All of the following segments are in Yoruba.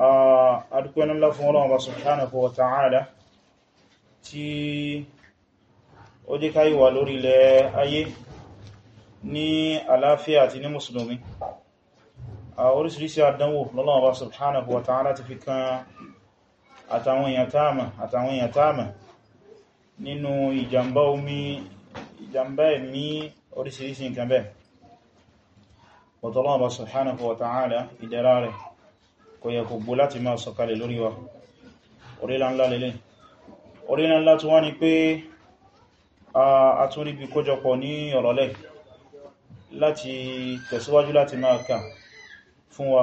adúpẹ́ nílá fún Ọlọ́run Ọba subhanahu wa ta'ala tí ó jẹ́ ká wà lórí ilẹ̀ ayé ní àlàáfíà àti ní mùsùlùmí orísìírísìí àdánwò lọ́lọ́run Ọba subhanahu wa ta'ala ti fi kan àtàwọn èèyàn táàmà nínú ìjàmbá omi ìjàmbá ẹ̀mí orísìírísìí nǹkan bẹ́ẹ̀ ọ̀tọ̀lọ́run Ọba wa ta'ala ìdẹ̀ra kò yẹ kò gbó láti máa sọ̀kalẹ̀ lórí wa orílá ńlá lélẹ̀ orílá ńlá tó wá ní pé a tún rí bí kójọpọ̀ ní ọ̀rọ̀lẹ̀ láti tẹ̀síwájú láti máa kà fún wa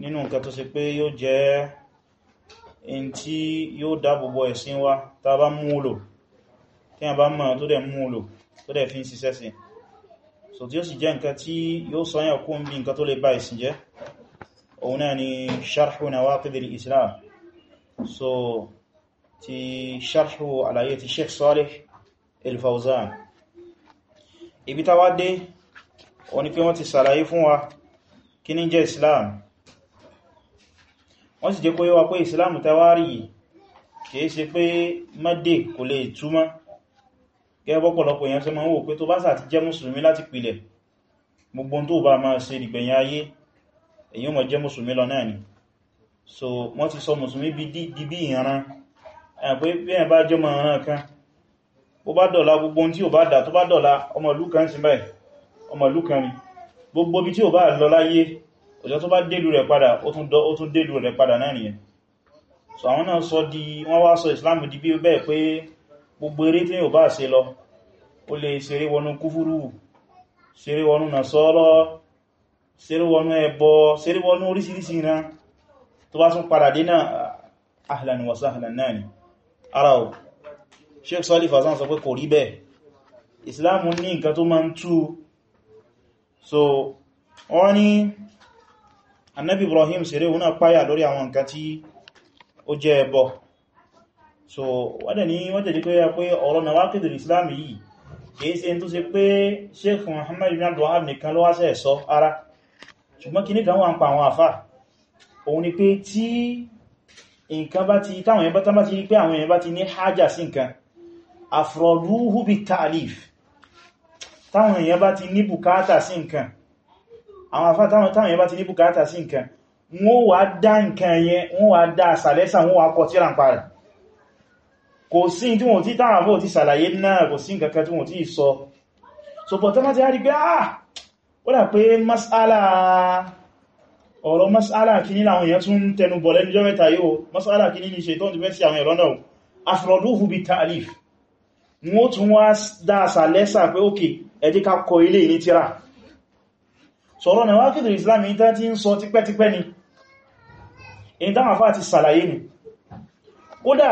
nínú nǹkan tó ṣe pé yóò jẹ́ in tí yóò dáàbòbò ẹ̀sìn wa tá bá mú lò tí a bá mọ̀ tó dẹ̀ mú tó dẹ̀ fi ń ṣiṣẹ́ sí so tí ó sì jẹ́ nǹkan tí yóò sọ́yàn kún bí nǹkan tó lè ba ẹ̀sìn jẹ́ òun náà ni sharhu nawaqid al-islam so ti sharhu àlàyé ti sheikh salih al-fawzan ibi tá wá dé ó ní pé wọ́n ti ṣàlàyé fún wa kí ni jẹ́ islam wọ́n sì jẹ́ kó yé wa pé islam tawari kìí ṣe pé mọ́dé kò lè túmọ̀ gẹ́gbọ́pọ̀lọpọ̀ èèyàn ṣe máa wò pé tó bá sà ti jẹ́ mùsùlùmí láti pìlẹ̀ gbogbo tó bá máa ṣe ìgbẹ̀yìn ayé èyí mọ̀ jẹ́ mùsùlùmí lọ náà ni so wọ́n ti sọ mùsùlùmí bí di bí ìran ẹ̀pẹ́ bí ẹ̀ bá jẹ́ mọ̀ ìran kan bó bá dọ̀la gbogbo tí ò bá dà tó bá dọ̀la ọmọ kan sí báyìí ọmọ kan ni gbogbo bí tí ò bá lọ láyé ọjọ́ tó bá délù rẹ̀ padà ó so di wọ́n wá Islam di bí bẹ́ẹ̀ pé gbogbo eré tí ò bá ṣe ṣeríwọnú ẹbọ ṣeríwọnú orísìírísìí náà tó bá tún padà dínà ahlan wa sahlan náà ni ara o Sheikh Salih Fawzān sọ pé kò rí bẹ́ẹ̀ Islam ní nǹkan tó máa ń tú so wọ́n ní annabi Ibrahim ṣeré wọn náà páyà lórí àwọn nǹkan tí ó jẹ́ so wọ́n dẹ̀ ní wọ́n jẹ́ pé ọ̀rọ̀ náà wá kéde yìí kìí tó pé Sheikh Muhammad ibn Abdul nìkan ló ara ṣùgbọ́n kinní kan wà ń pa àwọn àfà òun ni pé tí nǹkan bá ti táwọn èèyàn bá tán bá ti rí pé àwọn èèyàn bá ti ní hájà sí nǹkan afrọ̀lúhù bí tààlif táwọn èèyàn bá ti ní bùkátà sí nǹkan àwọn afá táwọn èèyàn bá ti ní bùkátà sí nǹkan wọ́n wá dá nǹkan yẹn wọ́n wá dá sàlẹ́sà wọ́n so bọ̀ tán bá ti rí pé ah ó dà pé masala ọ̀rọ̀ masala kìíní láwọn èèyàn tún tẹnu bọ̀ lẹ́nu jọ́mẹ́ta yóò masala kìíní ní ṣètò ti fẹ́ sí àwọn ìrọ́nà afrọ̀lúhù bí ta'alif wọ́n tún wá dáasà lẹ́sà pé ókè ẹdí kọ ilé ní tíra sọ̀rọ̀ na wákìdì islam ìta ti ń sọ ni ìta àfá ti sàlàyé ni kódà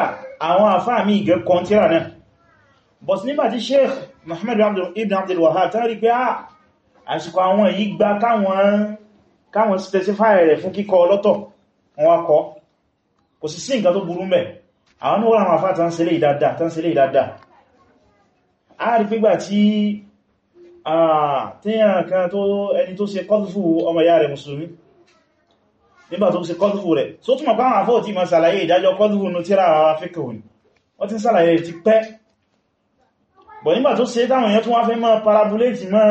àwọn àfá mi ìgẹ́ kan tíra náà sheikh muhammad ibn abdul wahab tán rí ah, àsìkò àwọn èyí gba káwọn specify rẹ̀ fún kíkọ ọlọ́tọ̀ wọn wá kọ́ kò sí sí nǹkan tó burú mẹ́ àwọn ní wọ́n àfá tán sílé ìdáadáa tán sílé ìdáadáa a rí pígbà tí tíyàn kan tó ẹni tó ṣe kọ́tùfù ọmọ ìyá rẹ̀ mùsùlùmí nígbà tó ṣe kọ́tùfù rẹ̀ so túnmọ̀ pàwọn àfọ́ tí ma sàlàyé ìdájọ́ kọ́tùfù nù tíra afẹ́kọ̀ọ́ wọ́n ti sàlàyé ti pẹ́ bọ̀ nígbà tó ṣe táwọn èèyàn tún wá fẹ́ mọ́ parabuléètì mọ́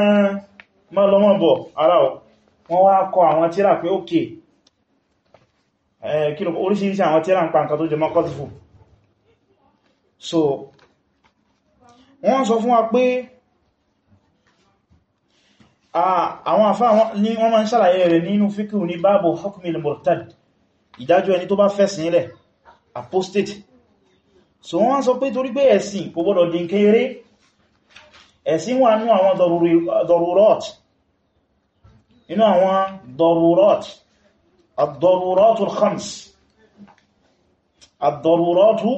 ma lọ mọ́ bọ̀ ara ọ̀ wọ́n wá kọ àwọn tíra pé ókè eh, kílùkù oríṣìíríṣìí àwọn tíra ń pa nǹkan tó jẹ mọ́ kọ́tífù so wọ́n sọ fún wa pé àwọn àfá ní wọ́n máa ń ṣàlàyé rẹ̀ nínú fíkù ní báàbù hukmil murtad ìdájọ́ ẹni tó bá fẹ̀sìn ilẹ̀ apostate so wọ́n sọ pé torí pé ẹ̀sìn kò gbọ́dọ̀ dín kéré ẹ̀sìn wà nú àwọn dọ̀rùrọ̀tì inú àwọn darurat ad-daruratu al-khams ad-daruratu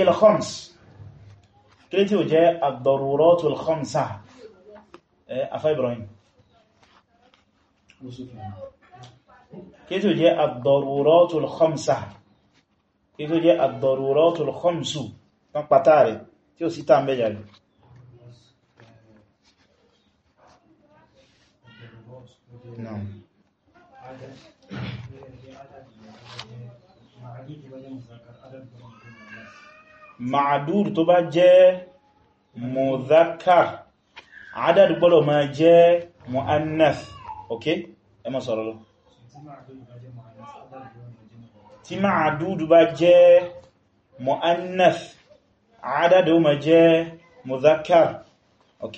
il-khams kí tí ó jẹ́ ad-daruratu al-khamsa afá Ibrahim kí tí ó jẹ́ ad-daruratu kí tí ó jẹ́ ad-daruratu al-khamsu tí ó sí tàbí jàrí نعم ma'adur tó bá jẹ́ mudhakkar adad gbọ́dọ̀ máa jẹ́ mu'annath ok ẹ má sọ̀rọ̀ lọ tí ma'adur bá jẹ́ mu'annath adad ó máa jẹ́ mudhakkar ok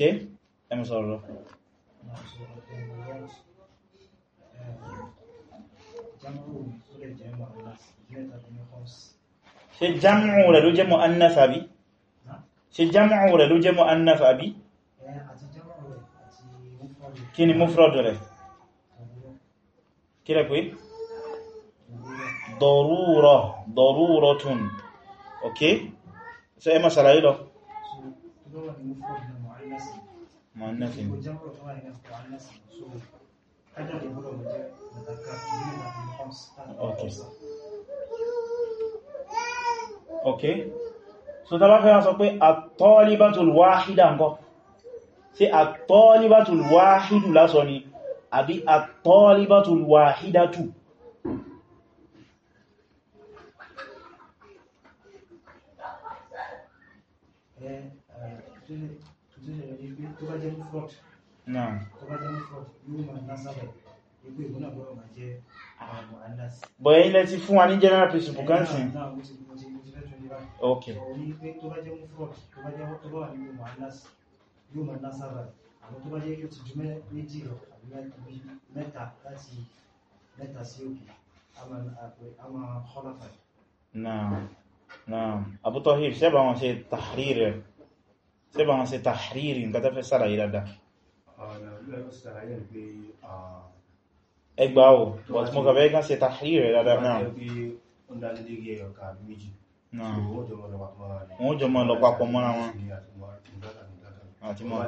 ẹ má sọ̀rọ̀ lọ se jamure lu jemo annafa bi se jamure lu jemo annafa bi eh, kini mufrodore kira koy darura daruratun ok so e masala yi ɗo muannasin ok okay so ta bá fẹ́ sọ pé at-talibatul wahida ńkọ́ ṣé at-talibatul wahidu lásọ ni àbí at-talibatul wahidatu bọ̀yẹ̀ ilẹ̀ ti fún wa ní general principle kan sí ok òun ní pé tó bá jẹ́ mufrod tó bá jẹ́ tó bá wà nínú muhannas yóò máa ná sábà àmọ́ tó bá jẹ́ yóò ti ju méjì lọ àbí mẹ́ta láti mẹ́ta sí òkè a Abu Tahir sẹ́bà wọn ṣe tàhírí rẹ̀ sẹ́bà wọn ṣe tàhírí nǹkan tó fẹ́ sára yìí dáadáa ẹgbàá o but mo kàbẹ́ kan ṣe tàhírí rẹ̀ dáadáa náà wọ́n jọ máa lọ papọ̀ mọ́ra wọn àti mọ́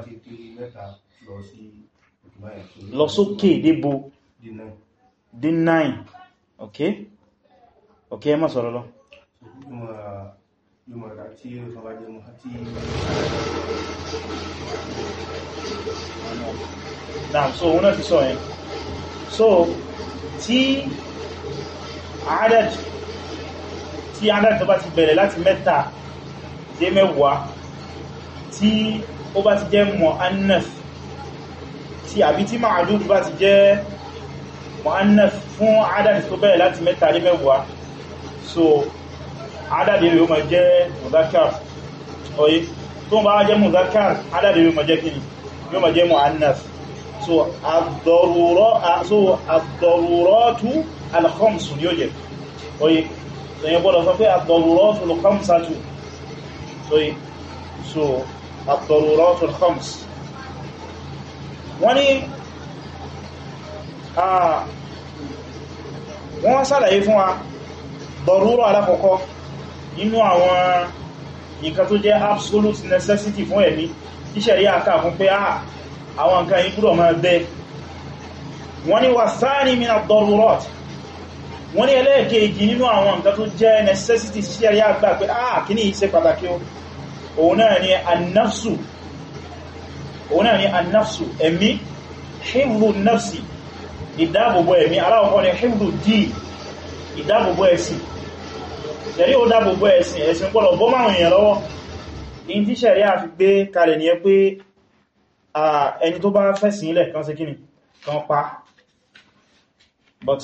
lọ sókè débò dín 9 ok ok ẹ sọ̀rọ̀ lọ so wọ́n náà ti sọ ẹ̀ so tí adad tí adájọ́ bá ti bẹ̀rẹ̀ láti mẹ́ta dé mẹ́wàá tí ó bá ti jẹ́ mu'annaf tí àbí tí ma'adud bá ti jẹ́ mu'annaf fún adájọ́ tó bẹ̀rẹ̀ láti mẹ́ta dé mẹ́wàá so adájọ́ yóò máa jẹ́ mudhakar oye tó bá jẹ́ mudhakar adájọ́ yóò máa jẹ́ kíni yóò máa jẹ́ mu'annaf so ad-daruratu al-khamsu ni ó jẹ́ oye so yẹ gbọ́dọ̀ sọ pé ad-daruratul khamsatu so ad-daruratul khams wọ́n ni wọ́n sàlàyé fún wa dọ̀rúrọ̀ alákọ̀ọ́kọ́ nínú àwọn nǹkan tó jẹ́ absolute necessity fún ẹ̀mí ìṣẹ̀rí àkà fún pé àwọn nǹkan yí gbọ́dọ̀ máa bẹ wọ́n ni wà sáà ní mina ad-darurat wọ́n ní ẹlẹ́ẹ̀kejì nínú àwọn nǹkan tó jẹ́ necessity sí ayé àgbà pé ah kí ní ìṣe pàtàkì òun náà ni annafsu òun náà ni annafsu ẹ̀mí hifdhu nafsi ìdáàbòbò ẹ̀mí aláwọ̀kọ́ ni hifdhu dì ìdáàbòbò ẹ̀sìn ṣẹ̀rí ó dáàbòbò ẹ̀sìn ẹ̀sìn pọ̀lọ̀ bọ́ máa èèyàn lọ́wọ́ in tí ṣẹ̀rí a ni ẹ pé ẹni tó bá fẹ́sìn ilẹ̀ kan ṣe pa but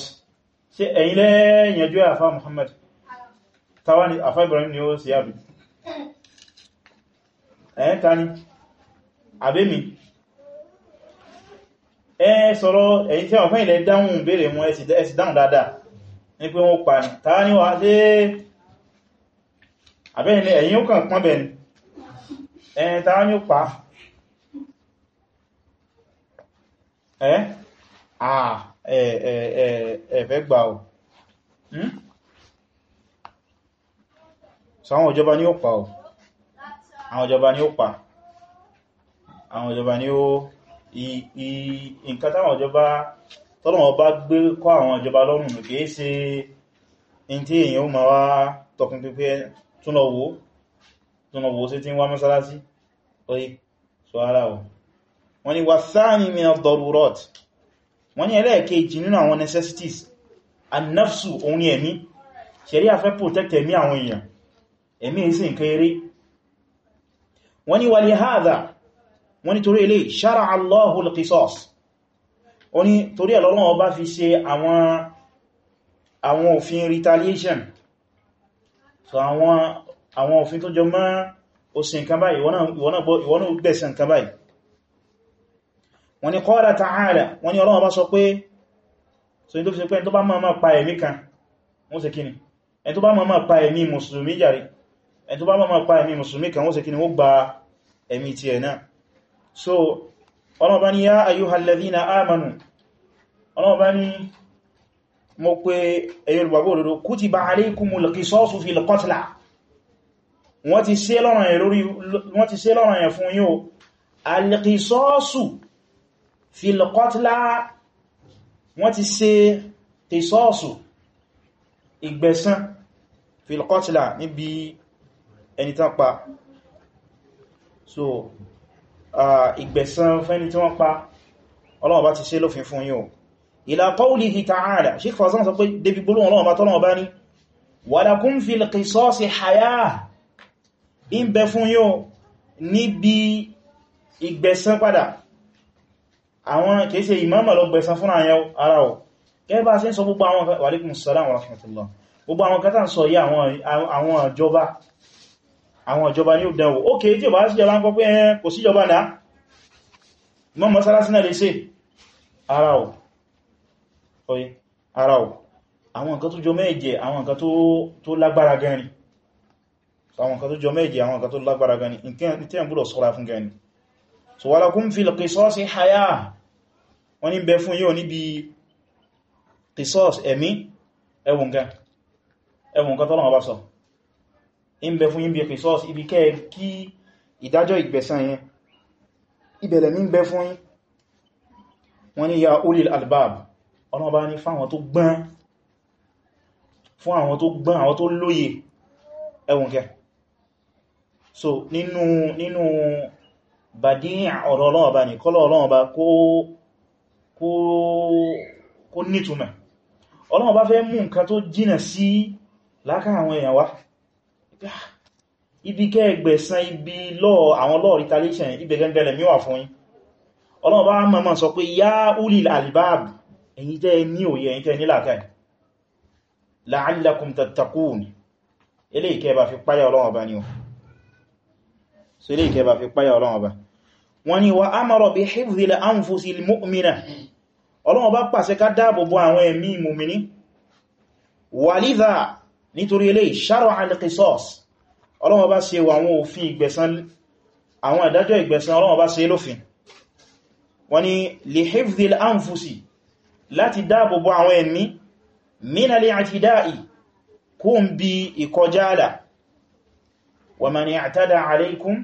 ṣe ẹ̀yin lẹ́yẹnjú àfá Muhammad tàwà ní àfá Ibrahim ni ó sì yàbí ẹ̀yẹn ta ní àbẹ́mì ẹ sọ̀rọ̀ ẹ̀yin tí àwọn fẹ́ ilẹ̀ dáhùn béèrè mú ẹ̀sì dáhùn dáadáa ní pé wọ́n pa ní tàwà ní wà ṣe àbẹ́yìn ẹ̀yin ó kàn ẹ̀fẹ́ gbà ọ̀ hmm? so àwọn ìjọba ni ó pa ọ̀ àwọn ìjọba ni ó pa àwọn ìjọba ni ó nǹkan táwọn ìjọba tọ́lọ̀wọ́ bá gbé kọ́ àwọn ìjọba lọ́rùn kìí ṣe in tí èyàn ó ma wá tọkùn pípẹ́ túnlọ̀wó túnlọ̀wó sí tí wá mọ́sálásí oye so ara ọ̀ wọ́n ni wà sáà ni mina dọ̀rùrọ̀tì wọ́n ní ẹlẹ́ẹ̀kejì nínú àwọn necessities annafsu òun ni ẹ̀mí ṣẹ̀rí afẹ́ protect ẹ̀mí àwọn èèyàn ẹ̀mí èsì nǹkan eré wọ́n ní wàlì haza wọ́n ní torí ilé ṣára allahu al-qisas wọ́n ní torí ẹ̀lọ́run ọba fi ṣe àwọn àwọn òfin retaliation so àwọn àwọn òfin tó jọ mọ́ òsìn kan báyìí ìwọ náà gbẹ̀sẹ̀ kan báyìí wọ́n ni qala ta'ala wọ́n ni Ọlọ́run bá sọ pé so ní tó fi ṣe pé ẹni tó bá máa pa ẹ̀mí kan wọ́n ṣe kíni ẹni tó bá máa pa ẹ̀mí mùsùlùmí jàre ẹni bá máa pa ẹ̀mí mùsùlùmí kan wọ́n ṣe kíni wọ́n gba ẹ̀mí ti ẹ̀ so Ọlọ́run bá ní yá filkotla wọ́n ti ṣe tẹ̀sọ́ọ̀sù ìgbẹ̀san filkotla níbi ẹni tán pa so ìgbẹ̀san fẹ́ni tí wọ́n pa Ọlọ́run bá ti ṣe lófin fún yín o ila qawlihi ta'ala Shaykh Fawzān sọ pé débi gbólóhùn Ọlọ́run bá tọ́lọ́run bá ní walakum fil qisasi hayah in bẹ fún àwọn kèése ìmáàmà lọ gbẹ̀san fún ara ọ̀ gẹ́gẹ́ bá ṣe ń sọ gbogbo àwọn wàlékún sọ́lá wọn rahmatullah gbogbo àwọn kátà ń sọ yí àwọn ìjọba àwọn ìjọba ní òdánwò ó kèé tí ò bá sí ìjọba ń kọ́ pé ẹn kò sí ìjọba náà mọ́ mọ́sálásí náà lè ṣe ara ọ̀ ara ọ̀ àwọn nǹkan tó jọ méje àwọn nǹkan tó lágbára gan àwọn nǹkan tó jọ méje àwọn nǹkan tó lágbára gan nǹkan tí wọ́n ní bẹ fún yíò níbi qisas ẹ̀mí ẹwùn gan ẹwùn kan tọ́lọ̀ ọba sọ in bẹ fún yín bí ibi kẹ́ kí ìdájọ́ ìgbẹ̀san yẹn ibẹ̀lẹ̀ ní bẹ fún wọ́n ní ya ulil albab ọlọ́ọ̀bá ní fáwọn tó gbọ́n fún àwọn tó gbọ́n àwọn tó lóye ẹwùn kẹ so nínú nínú bàdí ọ̀rọ̀ ọlọ́ọ̀bá ní kọ́lọ̀ ọlọ́ọ̀bá kó kó nítumẹ̀ ọlọ́run bá fẹ́ mú nǹkan tó jìnà sí láká àwọn èèyàn wá ah, ibi kẹ́ ẹgbẹ̀sán ibi lọ́ àwọn lọ́ retaliation ibẹ̀ gẹ́gẹ́lẹ̀ míwà fún yín ọlọ́run bá mọ́mọ́ sọ pé yá ulil albab ẹ̀yin tẹ́ ní òye ẹ̀yin tẹ́ ní làákàyè la'allakum tattaqun ilé ìkẹ́ bá fi páyà ọlọ́run ọba ni o so ilé ìkẹ́ bá wa amara bi hifdhil anfusil mu'mina Ọlọ́run bá pàṣẹ ká dáàbò bo àwọn ẹ̀mí mùmìní wàlídà nítorí ilé ìṣàrọ̀ alqisas Ọlọ́run bá ṣe àwọn òfin ìgbẹ̀san àwọn ìdájọ́ ìgbẹ̀san Ọlọ́run bá ṣe lófin wọ́n ni li hifdhil anfusi láti dáàbò bo àwọn ẹ̀mí mínà lè àtìdáì kó ń bí ìkọjáàlà wa man i'tada alaykum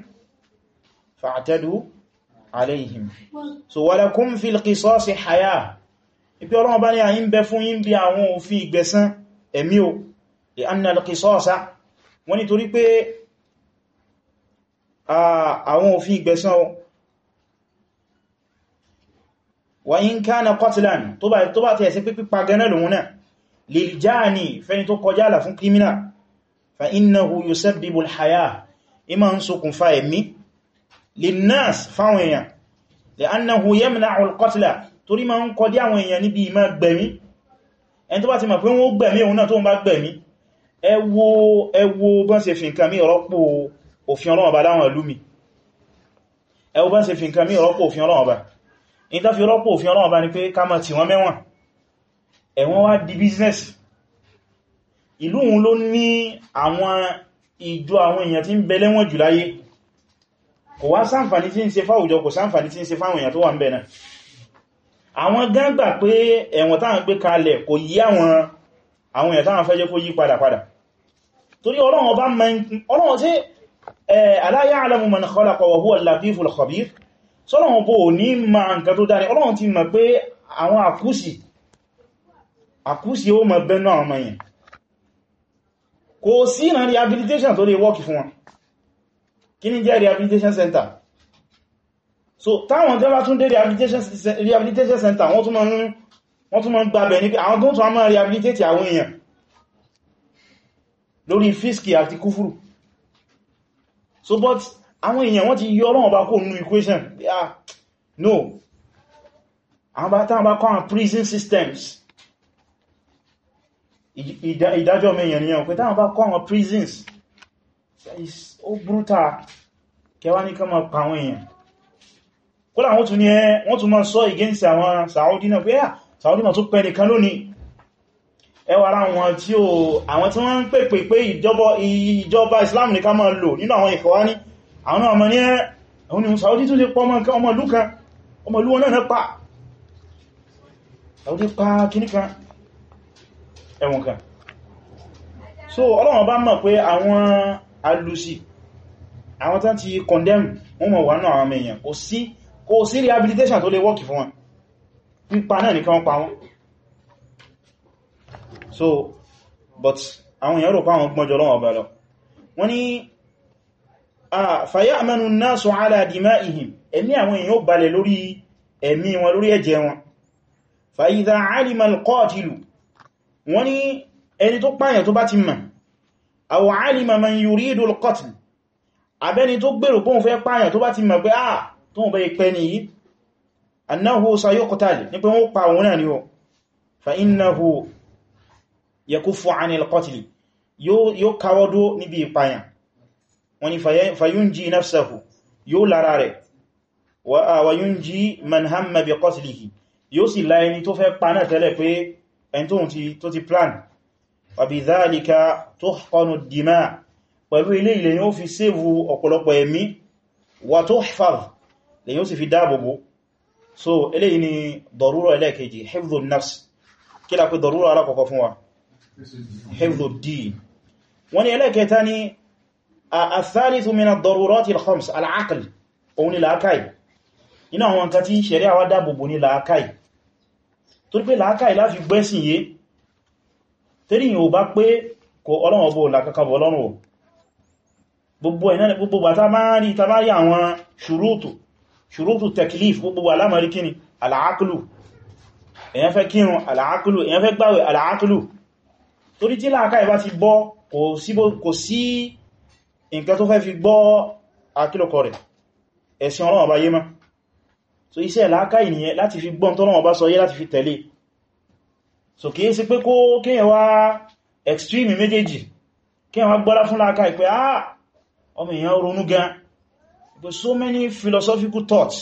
alayhim so walakum fil qisas hayah ipi Ọlọ́run bá ní a ń bẹ fún yín bí àwọn òfin ìgbẹ̀san ẹ̀mí o li anna al qisasa wọ́n ni torí pé àwọn òfin ìgbẹ̀san o wa in kana qatlan tó bá tó bá tẹ̀ sí pípí pagánà lòun náà linnas fáwọn èèyàn li'annahu yamna'u al-qatla torí ma ń kọdí àwọn èèyàn níbi ìmá gbẹ̀mí ẹni tó bá ti mọ̀ pé wọ́n gbẹ̀mí òun náà tó ń bá gbẹ̀mí ẹ wò ẹ wò bọ́n ṣe fi nǹkan mí rọ́pò òfin Ọlọ́run Ọba láwọn ìlú mi ẹ wò bọ́n ṣe fi nǹkan mí rọ́pò òfin Ọlọ́run Ọba in tó ìlú òun ló ní àwọn ìjọ àwọn èèyàn tí ń bẹ lẹ́wọ̀n jù kò wá sáǹfàní tí ń ṣe fáwùjọ kò sáǹfàní tí ń ṣe fáwọn èèyàn tó wà ń bẹ̀ náà àwọn gan gbà pé ẹ̀wọ̀n táwọn gbé kalẹ̀ kò yí àwọn àwọn èèyàn táwọn fẹ́ jẹ́ kó yí padà padà torí ọlọ́run ọba ọlọ́run tí ala ya'lamu man khalaqa kí ní jẹ́ rehabilitation center so táwọn jẹ́ bá tún dé rehabilitation center wọ́n tún máa ń gbàbẹ̀ ní pé àwọn tó tún máa rehabilitate àwọn èèyàn lórí fíṣkì àti kúfùrù so but àwọn èèyàn wọ́n ti yọ ọlọ́wọ́n bá kó nínú equation yeah no àwọn bá tán bá kọ́ àwọn prison systems ìdájọ́ mẹ́yàn ni ọ̀pẹ́ táwọn bá kọ́ àwọn prisons ó burú tàà kẹwa ní kọ́ ma pa àwọn èèyàn kọ́lá wọ́n tún ní ẹ wọ́n tún ma sọ ìgẹ́nsì àwọn Saudi náà pé à ah, Saudi ma tún pẹ́ nìkan lónìí ẹwà ara wọn tí ó àwọn tí wọ́n ń pè pè pé ìjọba Islam ní ká ma lò nínú àwọn ìkọ̀wá ní àwọn náà ma ní ẹ àwọn ni Saudi tún lè pọ́ ọmọ ìlú kan ọmọ ìlú wọn náà pa Saudi pa kíníkan ẹ̀wọ̀n kan so Ọlọ́run bá mọ̀ pé àwọn alúsì àwọn tán ti condemn wọ́n mọ̀ wà náà àwọn èèyàn kò sí kò sí rehabilitation tó lè wọ́kì fún wọn pípa náà nìkan pa wọn so but àwọn èèyàn rò pa àwọn gbọ́njọ lọ́wọ́ ọba lọ wọ́n ni fayamanu an-nasu ala dima'ihim ẹ̀mí àwọn èèyàn ó balẹ̀ lórí ẹ̀mí wọn lórí ẹ̀jẹ̀ wọn fa idha alima wọ́n ni ẹni tó pààyàn tó bá ti mọ̀ aw alima man yuridu al-qatl abẹ́ni tó gbèrò pé òun fẹ́ pààyàn tó bá ti mọ̀ pé à ah, tó ń bẹ́ pẹ́ ní annahu sayuqtal ní pé wọ́n pa òun náà ni ó fa innahu yakuffu anil qatl yóò káwọ́dó níbi ìpààyàn wọ́n ni fayunji wàbídálíkà tuhqanu ad-dimaa pẹ̀lú ilé ilẹ̀ yóò fi séèvù ọ̀pọ̀lọpọ̀ ẹ̀mí wà tuhfaz lè yóò sì fi dáàbòbò so eléyìí ni dọ̀rúrọ̀ ẹlẹ́ẹ̀kejì hifdhu nafs kí lápẹ́ dọ̀rúrọ̀ alákọ̀ọ́kọ́ fún wa hifdhu ad-din wọ́n ni الثالث من الضرورات الخمس العقل òun ni làákàí iná àwọn nǹkan tí ṣẹ̀rí àwádà bòbò ni làákàí torípé làákàí láti gbẹ́sìn torí yíò bá pé kò ọlọ́run ọbọ̀ làkàkàbọ̀ ọlọ́run ò gbogbo ẹ̀nà ni gbogbo àtà máa rí tàbá rí àwọn ṣùrútù ṣùrútù teklif gbogbo alámọ̀rí kíni aláàkùlù èyàn fẹ́ kírun aláàkùlù èyàn fẹ́ gbáwẹ̀ aláàkùlù torí tí láàká ìbá ti bọ́ kò sí so iṣẹ́ láàká ìnìyàn láti fi gbọ́n tọ́lọ́run ọba sọ yé láti fi tẹ̀lé so kìí sí pé kó kíyàn wá extreme méjèèjì kíyàn wá gbọ́lá fún láàká ìpé ah ọmọ èèyàn ronú gan ìpé so many philosophical thoughts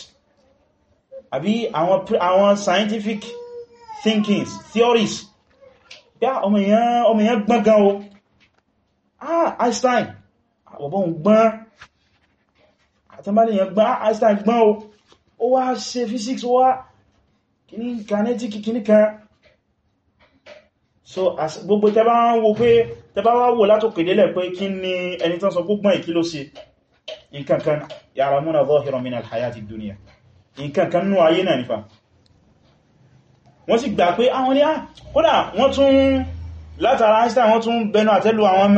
àbí àwọn àwọn scientific thinkings theories bí ah, ọmọ èèyàn ọmọ èèyàn gbọ́n gan o ah Einstein ọ̀bọ̀ ah, ń gbọ́n àtẹ́mọ́lẹ̀ èèyàn gbọ́n ah, Einstein gbọ́n o ó wá physics ó wá kinetic kìní kan so gbogbo tẹba wọ́n wo pé tẹba wá wò látòkè délẹ̀ pé kí ní ẹni tán sọ gbogbo ìkí ló ṣe nǹkankan ya'lamuna zahiran min al-hayati ad-dunya nǹkankan nú ayé náà nífà wọ́n sì gbà pé àwọn ní ah, kódà wọ́n tún látara einstein wọ́n tún bẹnu àtẹ́lù àwọn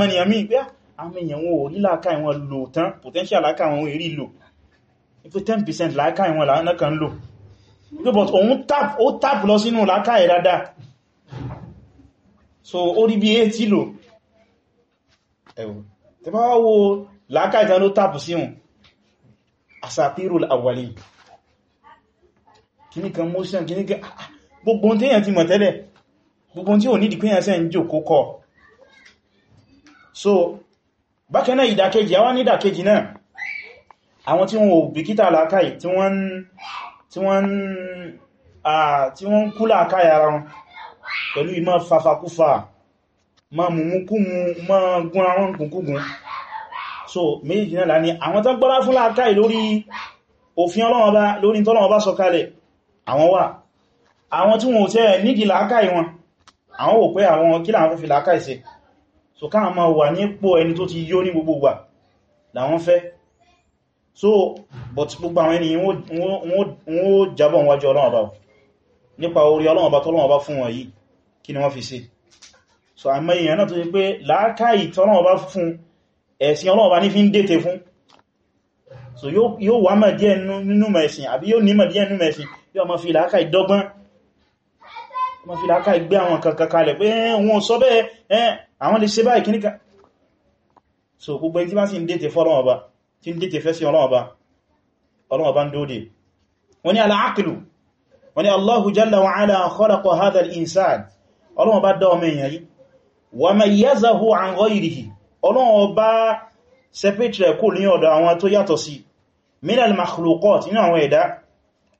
mẹ́niyàn míì pé ah, àwọn èèyàn wọn ò rí láàká ìwọn lò tán potential láàká àwọn èrí lò ipé 10% láàká ìwọn so ó rí bí 80 lò ẹ̀wọ̀ tí bá wá wo lákàtà ló tàbù sí hùn asatirul awwalin kìní kan motion kìní kan ah, ah, gbogbo tí èyàn ti mọ̀ tẹ́lẹ̀ gbogbo tí ò ní dìkúnyàn sẹ́ ń jò kókọ so bákan náà ìdàkejì àwọn nídàkejì náà àwọn tí wọ́n ò bìkítà làákàyè tí wọ́n ń ah, kú làákàyè ara wọn pẹ̀lú ìmá fafakúfà ma mùmúkúmù ma gún àwọn kùnkúgùn so méjì náà ní àwọn tán gbọ́lá fún láàkáì lórí òfin Ọlọ́run bá lórí tọ́lọ́run bá sọ̀kalẹ̀ àwọn wà àwọn tí wọn ò tẹ́ nídìí làákàì wọn àwọn wò pé àwọn kí láwọn fi làákàì ṣe so káà ma wà ní pò ẹni tó ti yó ní gbogbo wà so but gbogbo àwọn ẹni wọ́n ó jábọ̀ wájú Ọlọ́run bá nípa orí Ọlọ́run bá tọ́lọ́run bá fún wọn kí ni wọ́n fi ṣe so àmọ́ èèyàn náà tó ṣe pé làákàyè tọ́nà ọba fún ẹ̀sìn ọlọ́ọ̀bá ní fi ń dètè fún so yóò wà mọ̀ díẹ̀ nínú mẹ̀sìn àbí yóò ní mọ̀ díẹ̀ nínú mẹ̀sìn yóò máa fi làákàyè dọ́gbọ́n máa fi làákàyè gbé àwọn kankan kalẹ̀ so gbogbo ẹni tí bá sì ń dètè fọ́lọ́wọ́ ọba tí ń dètè fẹ́ sí ọlọ́wọ́ ọba ọlọ́wọ́ ọba ń dóde wọ́n ni al wọ́n ni Allahu ọlọ́wọ́n bá dá ọmọ èèyàn yìí wa mayyazahu an ghayrihi ọlọ́wọ́n bá sepetre kò ní ọ̀dọ̀ àwọn tó yàtọ̀ sí minal makhluqat nínú àwọn ẹ̀dá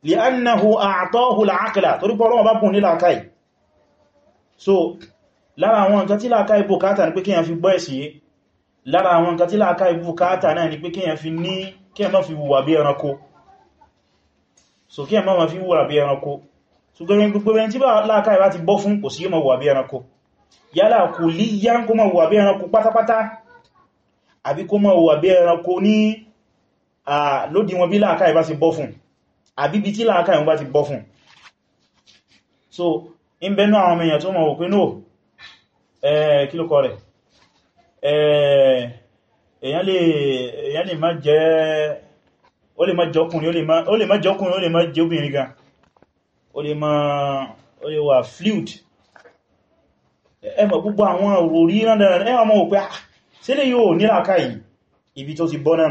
li'annahu a'tahu al-aqla torí pé ọlọ́wọ́n bá bùn ní làákàí so lára àwọn nǹkan tí làákàí bùkátà ní pé kíyàn fi gbọ́ ẹ̀sìn yé lára àwọn nǹkan tí làákàí bùkátà náà ni pé ṣùgbọ́n gbogbo ẹni tí bá láàká ìbá ti bọ́ fún kò sí mọ̀ wà bí ẹranko yálà kò lè yá kó mọ̀ wà bí ẹranko pátápátá àbí kó mọ̀ wà bí ẹranko ní lódí wọn bí láàká ìbá ti bọ́ fún àbí bí tí láàká ìbá ti bọ́ fún so in bẹnu àwọn èèyàn tó mọ̀ òpin náà kí ló kọ rẹ̀ èèyàn lè má jẹ́ ó lè má jọkùnrin ó lè ó lè máa ó lè wà fluid ẹmọ̀ gbogbo àwọn òrí rándanrán ẹwà mọ́ òpé sílé ah, yóò nílà káyì ibi tó ti bọ́ náà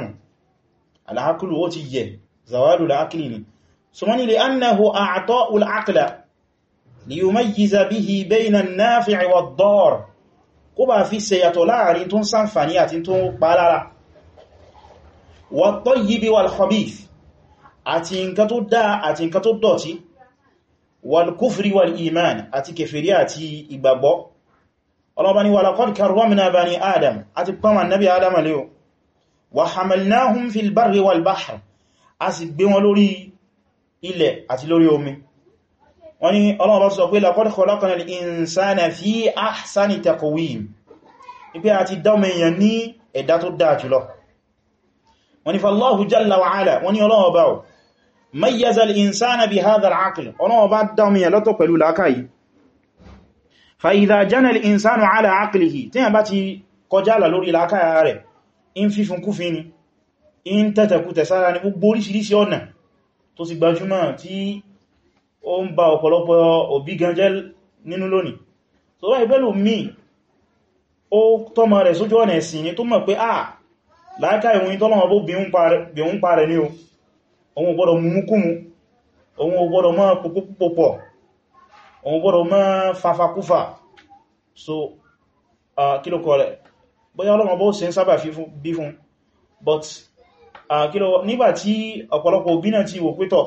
aláàkùlù ó ti yẹ zawalu láàkìlì ni so mọ́ nílé annahu àtọ́ ul'akla li yumayyiza bihi bayna an-nafi' wa ad fi àti nǹkan tó dáa àti nǹkan tó dọ̀tí walkufri wal iman àti kèfèrí àti ìgbàgbọ́ ọlọ́bá ni wà laqad karramna bani adam àti pàmà nabi adam leo wà hamalnahum fil barri wal bahr a sì gbé wọn lórí ilẹ̀ àti lórí omi wọ́n ni ọlọ́bá sọ pé laqad khalaqna al insana fi ahsani taqwim ipe àti dáwọn èèyàn ní ẹ̀dá tó dáa jùlọ wọ́n ni fallahu jalla wa ala wọ́n ni ọlọ́ọ̀bá mayyaza al-insana bi hadha al-aql ọlọ́wọ́ bá dámiyàn lọ́tọ̀ pẹ̀lú làákàyí fa idha jana al-insanu ala aqlihi tí yàn bá ti kọjá là lórí làákàyà rẹ̀ in fífún kúfin ni in tẹ́tẹ̀kútẹ̀ sára ni gbogbo oríṣiríṣi ọ̀nà tó ti gbajúmọ̀ tí ó ń ba ọ̀pọ̀lọpọ̀ òbí ganjẹ́ nínú lónìí so wáyé bẹ́lú mi ó tọ́mọ rẹ̀ sójú ọ̀nà ẹ̀sìn ni tó mọ̀ pé ah làákàyí wọn tọ́lọ́wọ́ bó bí ń parẹ̀ ni o òun ò gbọ́dọ̀ mumukumu òun ò gbọ́dọ̀ máa pòpòpòpọ̀ òun ò gbọ́dọ̀ máa fafakúfà so kílòkọ̀ rẹ̀ bóyá ọlọ́mọ bó ṣe ń sábà bí fún but kílò nígbàtí ọ̀pọ̀lọpọ̀ òbí náà ti wò pétọ̀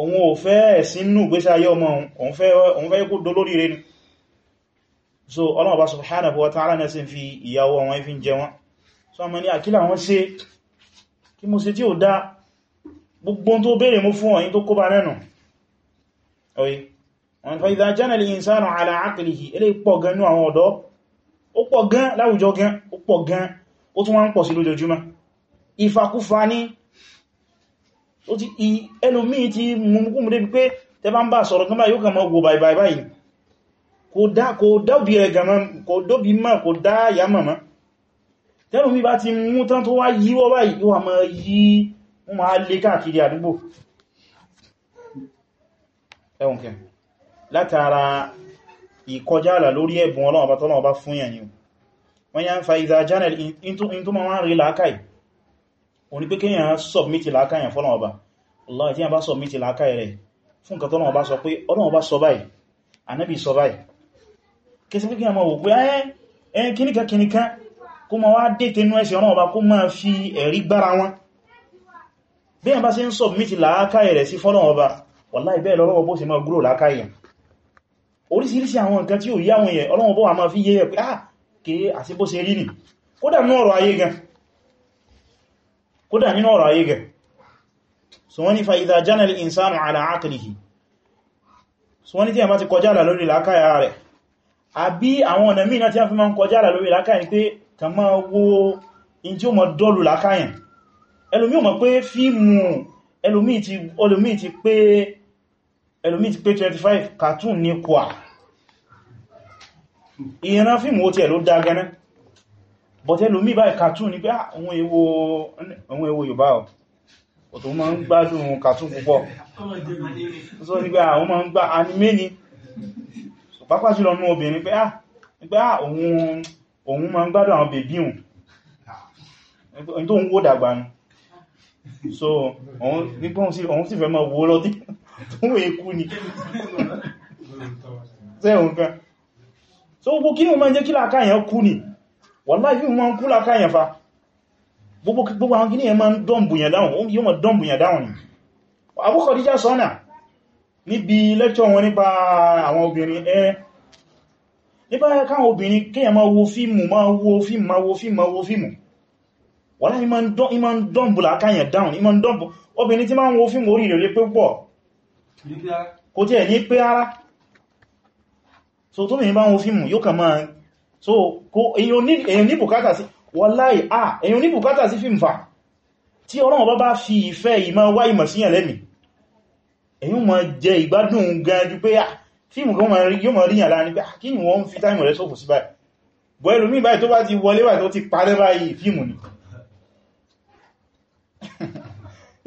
òun ò fẹ́ ẹ̀sìn nù gbésí ayé ọmọ òun fẹ́ kó dolórí rẹ̀ so ọlọ́mọba subhanahu wa ta'ala náà sì fi ìyàwó wọn fi ń jẹ wọn so ọmọ ní àkílà wọn ṣe kí mo ṣe tí ò dáa gbogbo tó bèèrè mú fún ọ̀yìn tó kó bá nẹ́nu ọ̀yí wọn fa ìdá jẹ́nàlì ìsànà aláàkìlìhì ilé pọ̀ gan ní àwọn ọ̀dọ́ ó pọ̀ gan láwùjọ gan ó pọ̀ gan ó tún wá ń pọ̀ sí lójoojúmọ́ ìfàkúfà ní ẹlòmíì ti mumukumu débi pé tẹ bá ń bá sọ̀rọ̀ gánbà yóò ti mú wọ́n máa lé káàkiri àdúgbò ẹwùn kẹ látara ìkọjáàlà lórí ẹ̀bùn ọlọ́ọ̀bá tọ́lọ́ọ̀bá fún yẹ̀yìn wọ́n yá ń fa ìzà janel in tó máa rí làákàì òní pé Allah tí a bá sọ̀bmítì làákàì rẹ̀ fún nǹkan tọ́lọ́ọ̀bá sọ pé ọlọ́ọ̀bá sọ báyìí anábì sọ báyìí kí sí pé kíyàn máa wò pé ẹ́ kíníkan kíníkan kó máa bí ẹ̀ bá ṣe ń submit làákàyè rẹ̀ sí fọ́lọ̀wọ́ bá wallahi bẹ́ẹ̀ lọ́rọ̀ bó ṣe máa gúrò làákàyè oríṣiríṣi àwọn nǹkan tí ó yá àwọn èèyàn ọlọ́wọ́ bó wà máa fi yẹ́ pé ah kí àti bó ṣe rí nì kódà nínú ọ̀rọ̀ ayé gan kódà nínú ọ̀rọ̀ ayé gan so wọ́n ní fa idha jana al insanu ala aqlihi so wọ́n ní tí a bá ti kọjá àlà lórí làákàyè rẹ̀ àbí àwọn ọ̀nà míì náà tí a fi máa kọjá àlà lórí làákàyè ni pé kàn wo in tí ó mọ̀ dọ́lù làákàyè ẹlòmí o mọ̀ pé fíìmù ẹlòmí ti pé 25 cartoon ní kwà ìran fíìmù ó tí ẹ̀ ló dá gẹ́nẹ́ but ẹlòmí báyìí cartoon ní pé àwọn ah, èwo Yorùbá ọ̀ ọ̀tọ̀ ma ń gbádùn cartoon púpọ̀ so ní pé àwọn ah, ma ń gbá anime ni pápá jùlọ ní obìnrin pé ah, ah òun ma ń gbádùn àwọn bèbí òun tó ń wó dàgbà ni so nígbọ́n sí ọ̀hún sì fẹ́ máa wó lọ́dí tó wé ikú ni sẹ́hùn kan so gbogbo kí ní o máa jẹ́ kí làkáyàn kú ni wàlá yíò máa ń kú làkáyàn fa gbogbo àwọn kìí máa ń dọ́m̀bùyàn dáhùn yíò máa dọ́m̀bùyàn dáhùn ni Abu Khadija sọ́nà níbi lẹ́kṣọ́ wọn nípa àwọn obìnrin ẹ nípa káwọn obìnrin kíyàn máa wo fíìmù máa wo fíìmù máa wo fíìmù máa wo fíìmù wọ́n láì ma ń dọ́m̀bù lákàyàn dáun ìmọ̀ ń dọ́m̀bù obìnrin tí ma ń wo fíìmù orí rẹ̀ lé pé pọ̀ kò tí ẹ̀ ní pé ara so tó mìí bá ń wo fíìmù yóò kà máa so èyàn ní bùkátà sí wọ́n láì à èyàn ní bùkátà sí fíìmù fà tí ọlọ́run bá bá fi ìfẹ́ ìmọ̀ wá ìmọ̀ síyàn lẹ́mì èyàn ma jẹ ìgbádùn gan ju pé fíìmù kan yóò mọ̀ ríyàn láàrin pé kí ni wọ́n fi táìmù rẹ̀ sófò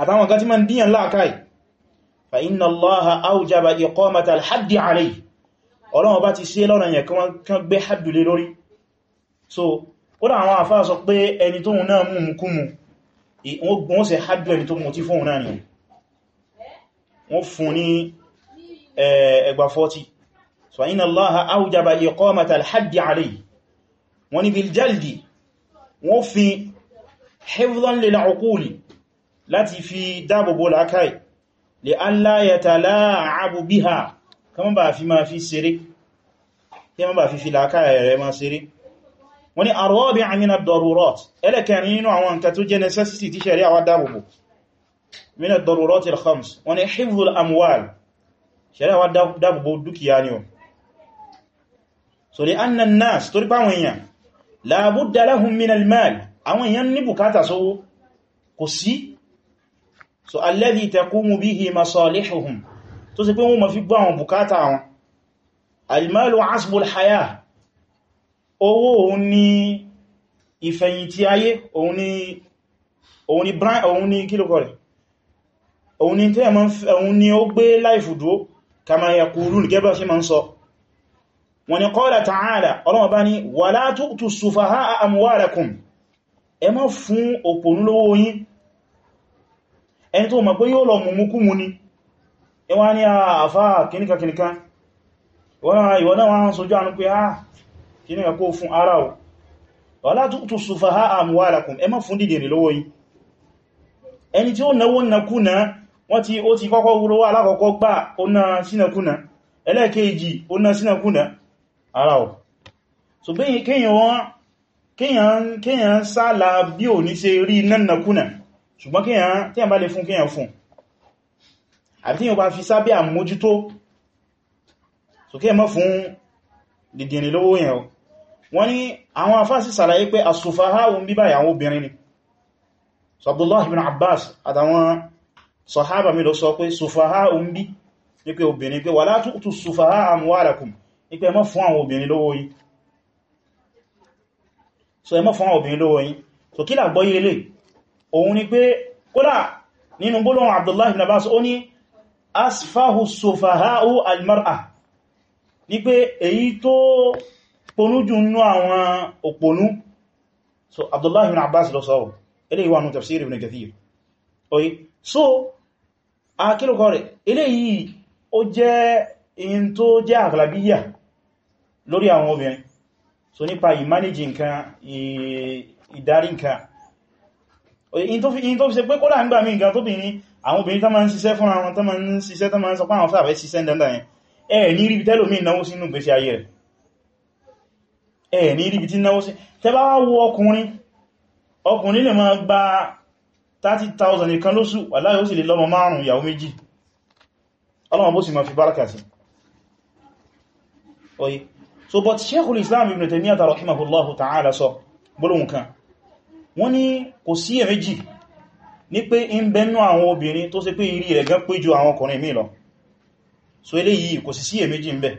àtàwọn kan tí ma ń díyàn láàkáì fa inna allaha awjaba iqamata al-haddi alayhi ọlọ́wọ́ bá ti ṣe lọ́nà yẹn kan gbé haddu lórí so ó dá àwọn àfáà sọ pé ẹni tóhun náà mú mú kúmù wọ́n ṣe haddu ẹni tó mú tí fóhun náà ni wọ́n fún ní ẹgbà láti fi dáàbòbò làákàí lè aláyàtà láàábù bí ha kama ba fi ma fi ṣeré kama ba fi fi làákàí rẹ̀ ma ṣeré wọ́n ni àrọ́ bí a nínà dọ̀rọ̀rọ̀t ẹlẹ́kẹ̀rin nínú àwọn nǹkan tó jẹ́ necessity ti ṣẹ̀rí àwá dáàbòbò mina dọ̀rọ̀rọ̀t il-khams wọ́n ni hifzul amwal ṣẹ̀rí àwá dáàbòbò dúkìá ni o so so alladhi taqumu bihi masalihuhum tó ṣe pé wọ́n máa fi gbọ́ àwọn bùkátà wọn almalu asbul haya owó òun ni ìfẹ̀yìntì ayé òun ni òun ni brian òun ni kílòkọ̀ rẹ̀ òun ni tẹ́ ẹ̀mọ́ òun ni ó gbé láìfù dúó kama yaqulun gẹ́bà sí ma ń sọ wọn ni qala ta'ala fún òpònú yín ẹni tó mọ̀ pé yóò lọ mú mú mú ní ìwá ah, ní àfá kìníkà kìníkà ìwọ̀n náà wọ́n sojú àánú pé ah kìníkà kó fún ara ò wala tu'tu sufaha amwalakum ẹ má fún dìdìrì lọ́wọ́ yìí ẹni tí ó náwó nakúnà wọ́n ti ó ti kọ́kọ́ wúrọ wà alákọ̀ọ́kọ́ gbà ó ná sínakúnà ẹlẹ́ẹ̀kejì ó ná sínakúnà ara ò so bí kéèyàn sálà bí ò ní ṣe rí nánakúnà ṣùgbọ́n kí yàn bá lè fún kí yàn fún àbí tí yàn bá fi sábẹ́ àmójútó so kí yàn mọ́ fún dìdìnì lówó yàn o wọ́n ní àwọn afásí sàlàyé pé asùfàhá ohun bíbá ìyàwó obìnrin ni so Abdullah ibn Abbas àtàwọn sọ̀hábà mi lọ sọ pé sùfàhá ohun bí ní pé obìnrin pé wala tu'tu sùfàhá amwalakum ní pé ẹ má fún àwọn obìnrin lówó yín so ẹ má fún àwọn obìnrin lówó yín so kí làgbọ́ yìí lè òun ni pé kódà nínú gbólóhùn Abdullahi ibn Abbas ó ní asfahu sufaha'u almar'a ní pé èyí tó ponújù nú àwọn òpònú so Abdullahi ibn Abbas lọ sọ́wọ́ ilé ìwà nù tafsir ibn Kathir oye so akílùkọ rẹ̀ ilé yìí ó jẹ́ in tó jẹ́ àgbàlábíyà lórí àwọn obìnrin so nípa ìmánéjì nǹkan ìdarí nǹkan in tó fi ṣe pé kódà ń gbà mí nǹkan tó bìnrin àwọn obìnrin tán máa ń ṣiṣẹ́ fúnra wọn tán máa ń ṣiṣẹ́ tán máa ń sọ pé àwọn fẹ́ ṣiṣẹ́ dandà yẹn ẹ̀ ní ríbi tẹ́lò mí náwó sínú gbèsè ayé rẹ̀ ẹ̀ ní ríbi tí náwó sí tẹ́ bá wo ọkùnrin ọkùnrin lè máa gba so but Sheikhul wọ́n ní kò sí èméjì ní pé in bẹnú àwọn obìnrin tó ṣe pé ìrí rẹ̀ gan pé ju àwọn ọkùnrin míì lọ so eléyìí kò sí sí èméjì ń bẹ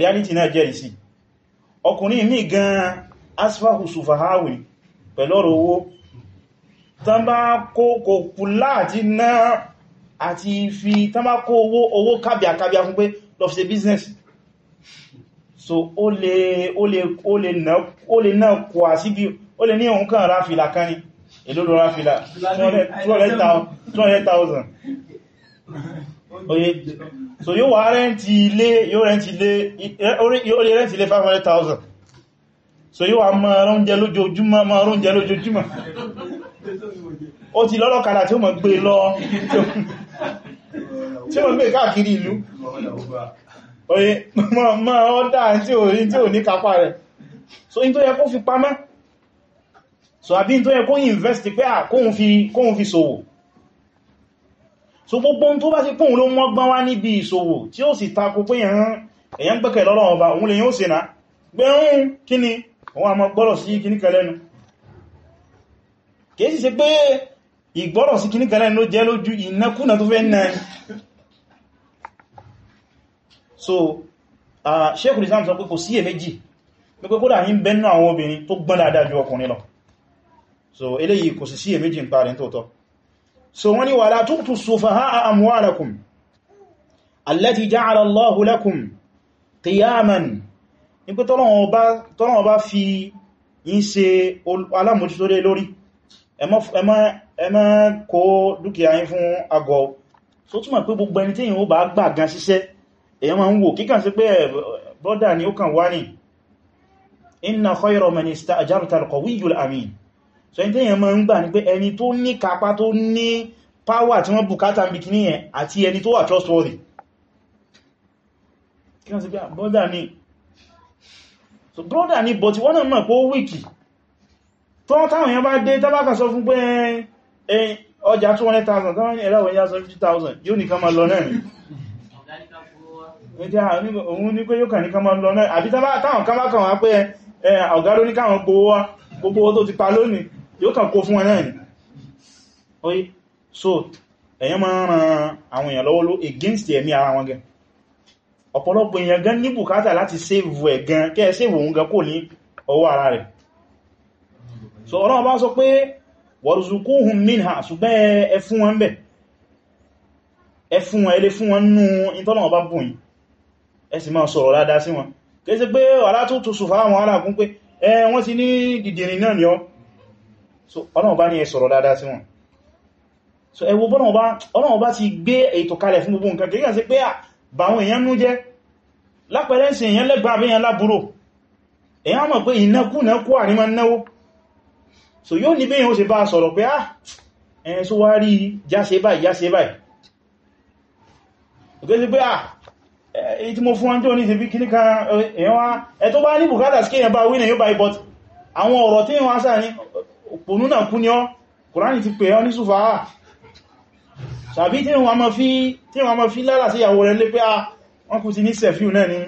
reality náà jẹ́rìí sí ọkùnrin míì gan asfahu sufahawi pẹ̀lú ọ̀rọ̀ owó tán bá kó kò pùlá àti náà àti fi tán bá kó owó owó kábíakábíá fún pé lọ fi ṣe business so ó lè náà kò àsíbí ó lè ní òun kàn ra fìlà kan ní èlòlò ra fìlà 200,000 oye so yóò wá rẹ́ntì ilé yóò rẹ́ntì ilé yóò lè rẹ́ntì ilé 500,000 so yóò wá mọ́ oúnjẹ lójoojúmọ́ mọ́ oúnjẹ lójoojúmọ́ ó ti lọ́lọ́kadà tí ó mọ̀ gbé e lọ tí ó gbé e káàkiri ìlú oye mọ́ ọ́dá tí ò ní kápá rẹ̀ so in tó yẹ kó fi pamẹ́ so àbí tó yẹ kó invest pé à kóhun fi kóhun so gbogbo tó bá sí kóhun ló mọ́gbọ́n wá níbi ìṣòwò tí ó sì tako pé èyàn gbẹ́kẹ̀ lọ́rọ̀ ọba òun lè yóò ṣe náà gbẹ́rún kíni òun a mọ́ gbọ́rọ̀ sí kíníkẹ lẹ́nu kìí sì ṣe pé ìgbọ́rọ̀ sí kíníkẹ lẹ́nu ló jẹ́ lójú ìnákúnà tó fẹ́ náà so Sheikhul Islam sọ pé kò sí èméjì pé kódà yí ń bẹ́nu àwọn obìnrin tó gbọ́n dáadáa ju ọkùnrin lọ so eléyìí kò sì sí èméjì ń parí tótọ́ so wọ́n ni wala tu'tu sufaha'a amwalakum allati ja'ala Allahu lakum qiyaman ní pé tọ́lọ́wọ́ bá fi yí ṣe alámòjútó lé lórí ẹ má kó dúkìá yín fún agọ́ so túnmọ̀ pé gbogbo ẹni tí yíò bá gbà gan ṣiṣẹ́ èyàn ma ń wò kíkàn sí pé eh, ni ó kàn wá ní inna khayra man ista'jarta al-qawiyyu al-amin so ẹni tẹ́yẹn máa ń gbà ní pé ẹni tó ní kápá tó ní pàwà tí wọ́n bukata bí kìíní àti ẹni tó wà trustworthy kí wọ́n sí pé ah, brother ni so brother ni but wọ́n náà mọ̀ pé ó wíkì tó táwọn bá dé tábákà fún pé eh, eh, ọjà 200,000 yóò kàn kó fún ẹ náà oye so èyàn máa ran àwọn èèyàn lọ́wọ́ ló against ẹ̀mí ara wọn gan ọ̀pọ̀lọpọ̀ èèyàn gan ní bùkátà láti save ẹ̀ gan kẹ́ save òun gan kò ní ọwọ́ ara rẹ̀ so ọlọ́run bá sọ pé warzuquhum minha ṣùgbẹ́ ẹ fún wọn bẹ̀ ẹ fún wọn ilé fún wọn nú ìtọ́nà ọba bùn ẹ sì máa sọ̀rọ̀ dáadáa sí wọn wọ́n ti ní dìdìrin náà ni ọ́ so ọlọ́run bá ní ẹ sọ̀rọ̀ so ẹwọ ọlọ́run bá ti gbé ètò kalẹ̀ fún gbogbo nǹkan kìí sí pé bàwọn èèyàn nú jẹ́ lápẹẹrẹ sí èèyàn lẹ́gbàá bí èèyàn lábúrò èèyàn mọ̀ pé ìnákúnà kú àrí ma náwó so yóò ní bẹ́yàn ó ṣe bá sọ̀rọ̀ pé ah ẹ̀yẹn só wá rí jáse báyìí jáse báyìí òkè sí pé ah èyí tí mo fún ọjọ́ ní ti òpònú náà kú ní ọ́ kùránì ti pè ọ́ ní súfà á sàbí tí wọ́n ma fi lára sí ìyàwó rẹ̀ lé pé ah, wọ́n kú ti ní sẹ̀fíù náà ni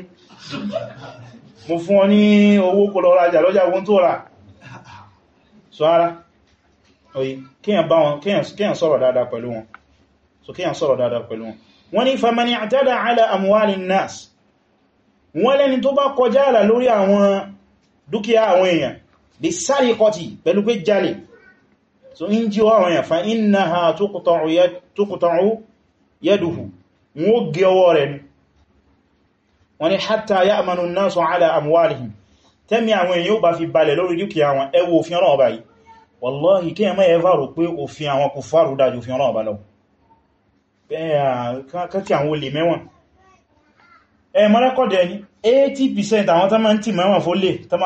mo fún ọ ní owó kò lọ rajà lọ́jà ogun tó rà so ara oyi kíyàn sọ̀rọ̀ dáadáa pẹ̀lú wọn so kíyàn sọ̀rọ̀ dáadáa pẹ̀lú wọn wọ́n ní famani àtàdà ala amwalin nas wọ́n lẹ́ni tó bá kọjá àlà lórí àwọn dúkìá àwọn èèyàn bí sáré kọtí pẹ̀lú pé jalè so in jí ọ̀rọ̀ yẹn fa iná ha tókùtọ̀rù yẹ́dùhù wọ́n gẹ ọwọ́ rẹ̀ ní wọ́n ni hátà ya amanu náà sọ ala amwalihim tẹ́mi àwọn èèyàn bá fi balẹ̀ lórí dúkìá wọn ẹwọ òfin ọ̀rọ̀ ọba yìí ẹmọ rẹ́kọ̀dẹ̀ ní 80% àwọn tán máa ń tì mẹ́wọ̀n fó lè tán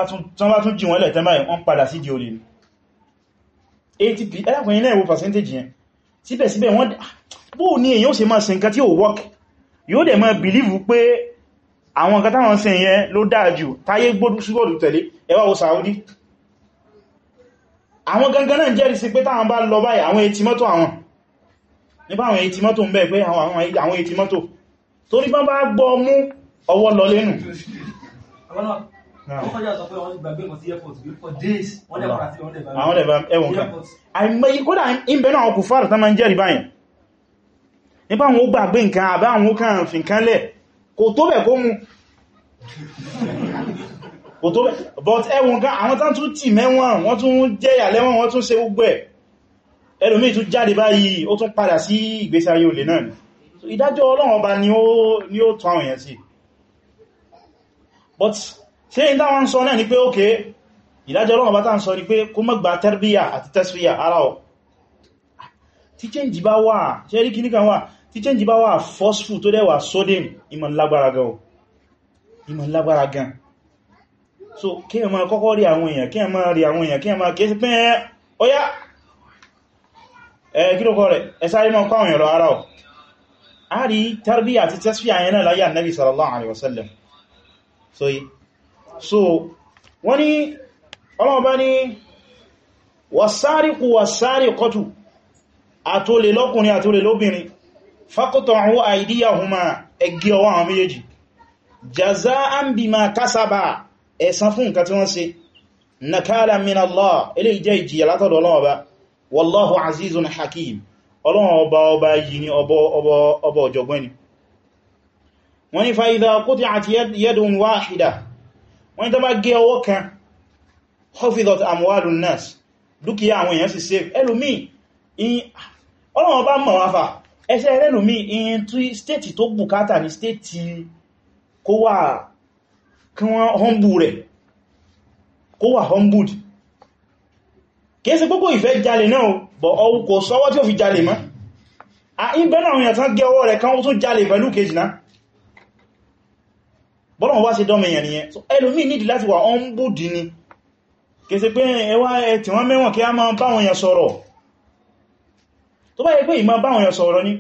bá tún jí wọ́n lẹ̀ tán báyìí wọ́n padà sí di olè ní 80% ẹlẹ́kùn ilẹ̀ ìwò percentage yẹn síbẹ̀síbẹ̀ wọ́n ah, bó ní èyàn ṣe máa ṣe nǹkan tí ó work yóò dẹ̀ máa believe pé àwọn nǹkan táwọn ṣe yẹn ló dáa jù táyé gbódú súgbọ́dù tẹ̀lé ẹ wá wo Saudi àwọn gangan náà jẹ́rìí sí pé táwọn bá lọ báyìí àwọn etí mọ́tò àwọn nípa àwọn etí mọ́tò ń bẹ̀ pé àwọn etí mọ́tò torí bá bá gbọ́ mú ọwọ́ lọ lẹ́nu àwọn ẹ̀bà ẹwọ̀n kan àìmẹ́yí kódà ìbẹ̀ náà ọkù fàárà tán máa ń jẹ́rì báyìí nípa àwọn ó gbàgbé nǹkan àbá àwọn kan fi nǹkan lẹ̀ kò tó bẹ̀ kó mú kò tó bẹ̀ but ẹwọ̀n kan àwọn tán tún tì mẹ́wọ̀n wọ́n tún jẹ́yà lẹ́wọ̀n wọ́n tún ṣe gbogbo ẹ̀ ẹlòmíì tún jáde báyìí ó tún padà sí ìgbésí ayé olè náà ìdájọ́ Ọlọ́run ọba ni ó tọ́ àwọn èèyàn sí but ṣe in táwọn sọ náà ni pé ókè ìdájọ́ ọlọ́run bá tán sọ ni pé kó mọ́ gba tẹ́rbíyà àti tẹ́sfíyà ara ọ̀ tí change bá wà ṣe rí kìníkan wà tí change bá wà forceful tó dẹ́wà sodium ìmọ̀ lágbára gan ìmọ̀ lágbára gan so kí ẹ máa kọ́kọ́ rí àwọn èèyàn kí ẹ máa rí àwọn èèyàn kí ẹ máa kí ẹ sí pé ọya ẹgbìrọ̀kọ́ rẹ̀ ẹsáyé mọ́ pàwọn ẹ̀rọ ara ọ̀ a rí tarbiyya àti tasfiya yẹn náà láyé annabi sallallahu alaihi wasallam so yí so kotu ní ọlọ́ọ̀bá ní wàsáríkù wàsáríkọ́tù àtólè lọ́kùnrin àtólè lóbìnrin faqta'u aydiyahuma ẹgbẹ́ ọwọ́ àwọn méjèèjì jaza'an bima kasaba ẹ̀san fún nǹkan tí wọ́n ṣe nakala min Allah ilé ìjẹ́ ìjìyà látọ̀dọ̀ Ọba hakim Ọba ọba ni ọba wọ́n ní fa'idha quti'at yadun wahida wọ́n ní tó bá gé ọwọ́ kan hufidhat amwalun nas dúkìá àwọn èèyàn sì save ẹlùmí ọlọ́wọ́n bá mọ̀ wáfà ẹsẹ́ ẹlùmí in tí stéètì tó bùkátà ní stéètì kó wà kí wọ́n humble rẹ̀ kó wà humbled kìí ṣe gbogbo ìfẹ́ jalè náà bọ̀ ọwọ́ kò sọ́wọ́ tí ó fi jalè mọ́ bọ́lọ̀wọ́ wá sí dọ́mìyàn nìyẹn so ẹlòmí nídi láti wà ọ́n bù dì ní kèsè pé ẹwà ẹ̀tì wọ́n mẹ́wọ̀n kí a máa báwọn yẹn sọ̀rọ̀ tó bá yẹ pé ìmá báwọn yẹn sọ̀rọ̀ ní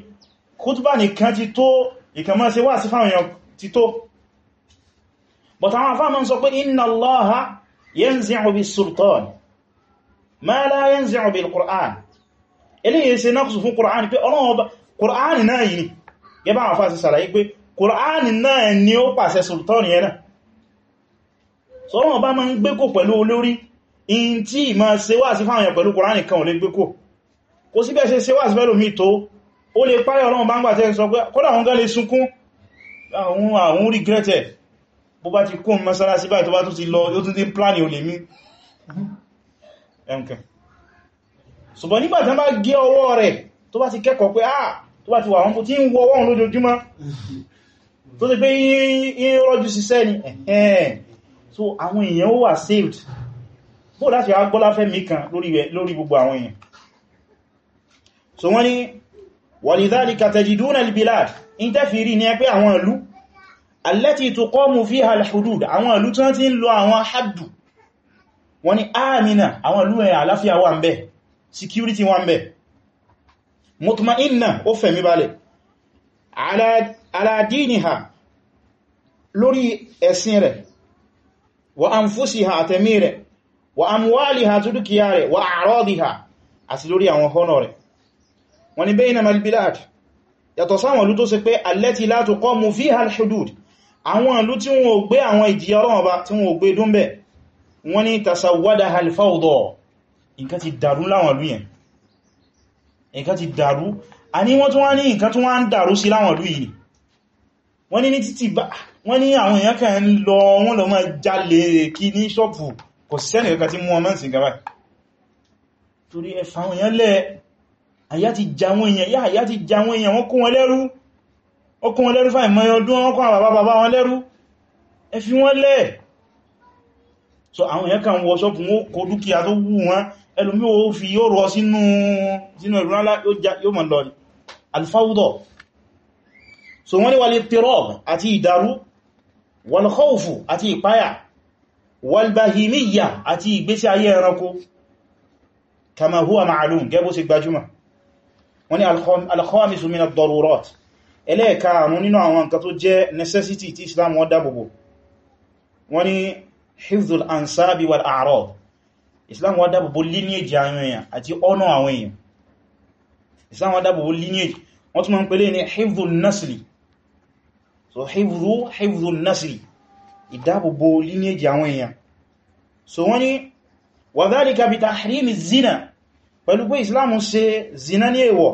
kútùbà nìkan ti tó ìkàmọ́ sí sí fáwọn yẹn ti tó but àwọn afáàmọ́ sọ pé inna Allaha yanzi'u bis sultan ma la yanzi'u bil Qur'an eléyìí ṣe náà fún Qur'an pé ọlọ́wọ́ Qur'an náà kùránì náà ni ó pàṣẹ sultani ẹ̀nà sọ́wọ́n bá ma ń gbé kò pẹ̀lú olórí in tí ma ṣe wá sí fáwọn pẹ̀lú kùránì kan ò lè gbé kò kò síbẹ̀ ṣe ṣe wá sí fẹ́lò mí tó ó lè páyẹ̀ ọlọ́run bá ń gbà tẹ́ sọ pé kódà wọn gán lè sunkún àwọn àwọn regretted bó tó bá ti kẹ́kọ̀ọ́ pé ah tó bá ti wà wọn bó ti ń wọ ọwọ́run tó ti pé yínyìn rọ́jú síṣẹ́ ni ẹ̀hẹ́n so àwọn èèyàn ó wà saved bó láti agbọ́lá fẹ́ mi kan lórí gbogbo àwọn èèyàn so wọ́n ni walidhalika tajiduna albilad in tẹ́fì rí ní ẹgbẹ́ àwọn ìlú allati tuqamu fiha alhudud àwọn ìlú tí wọ́n ti ń lo àwọn haddu wọ́n ni amina àwọn ìlú ẹ̀ àláfíà wà ń bẹ security wà ń bẹ mutma'inna ó fẹ̀mí balẹ̀ ala ala diniha lórí ẹ̀sìn rẹ̀ wa anfusiha àtẹ̀mí rẹ̀ wa amwaliha dúkìá rẹ̀ wa a'radiha àti lórí àwọn ọ̀nà rẹ̀ wọ́n ní bainama al-bilad yàtọ̀ sáwọn ìlú tó ṣe pé allati la tuqamu fiha al-hudud àwọn ìlú tí wọ́n ò gbé àwọn ìjìyà Ọlọ́run Ọba tí wọ́n gbé dúnbẹ̀ wọ́n ní tasawwadaha al-fawda nǹkan ti dàrú láwọn ìlú yẹn nǹkan ti dàrú a ní wọ́n tún wá ní nǹkan tún wá ń dàrú sí láwọn ìlú yìí wọ́n ní ní títì bá wọ́n ní àwọn èèyàn kan ń lọ wọ́n lọ máa jalè kí ní ṣọ́pù kò sẹ́nì kankan tí mú ọmọ ìsìn gaba torí ẹfà àwọn èèyàn lẹ́ àyà ti jàwọn èèyàn yá àyà ti jàwọn èèyàn wọ́n kún wọn lẹ́rú wọ́n kún wọn lẹ́rú fáì ọdún wọ́n kún so àwọn èèyàn kan wọ ṣọ́pù wọ́n kó dúkìá tó wù wọn ẹlòmí ó fi yóò so wọ́n ni wal-idtirab àti ìdàrú wal-khawfu àti ìpáyà wal-bahimiyya àti ìgbésí ayé ẹranko kama huwa ma'lum gẹ́bó sí gbajúmọ̀ wọ́n ni al-khamisu min ad-darurat ẹlẹ́ẹ̀kaàrún nínú àwọn nǹkan wọ́n tún mọ́ ń pèlé ní hifzul nasli so hifzu hifzu nasri ìdáàbòbò lineage àwọn èèyàn so wọ́n ni wa dhalika bi tahrimi zina pẹ̀lú pé islam ṣe zina ní èèwọ̀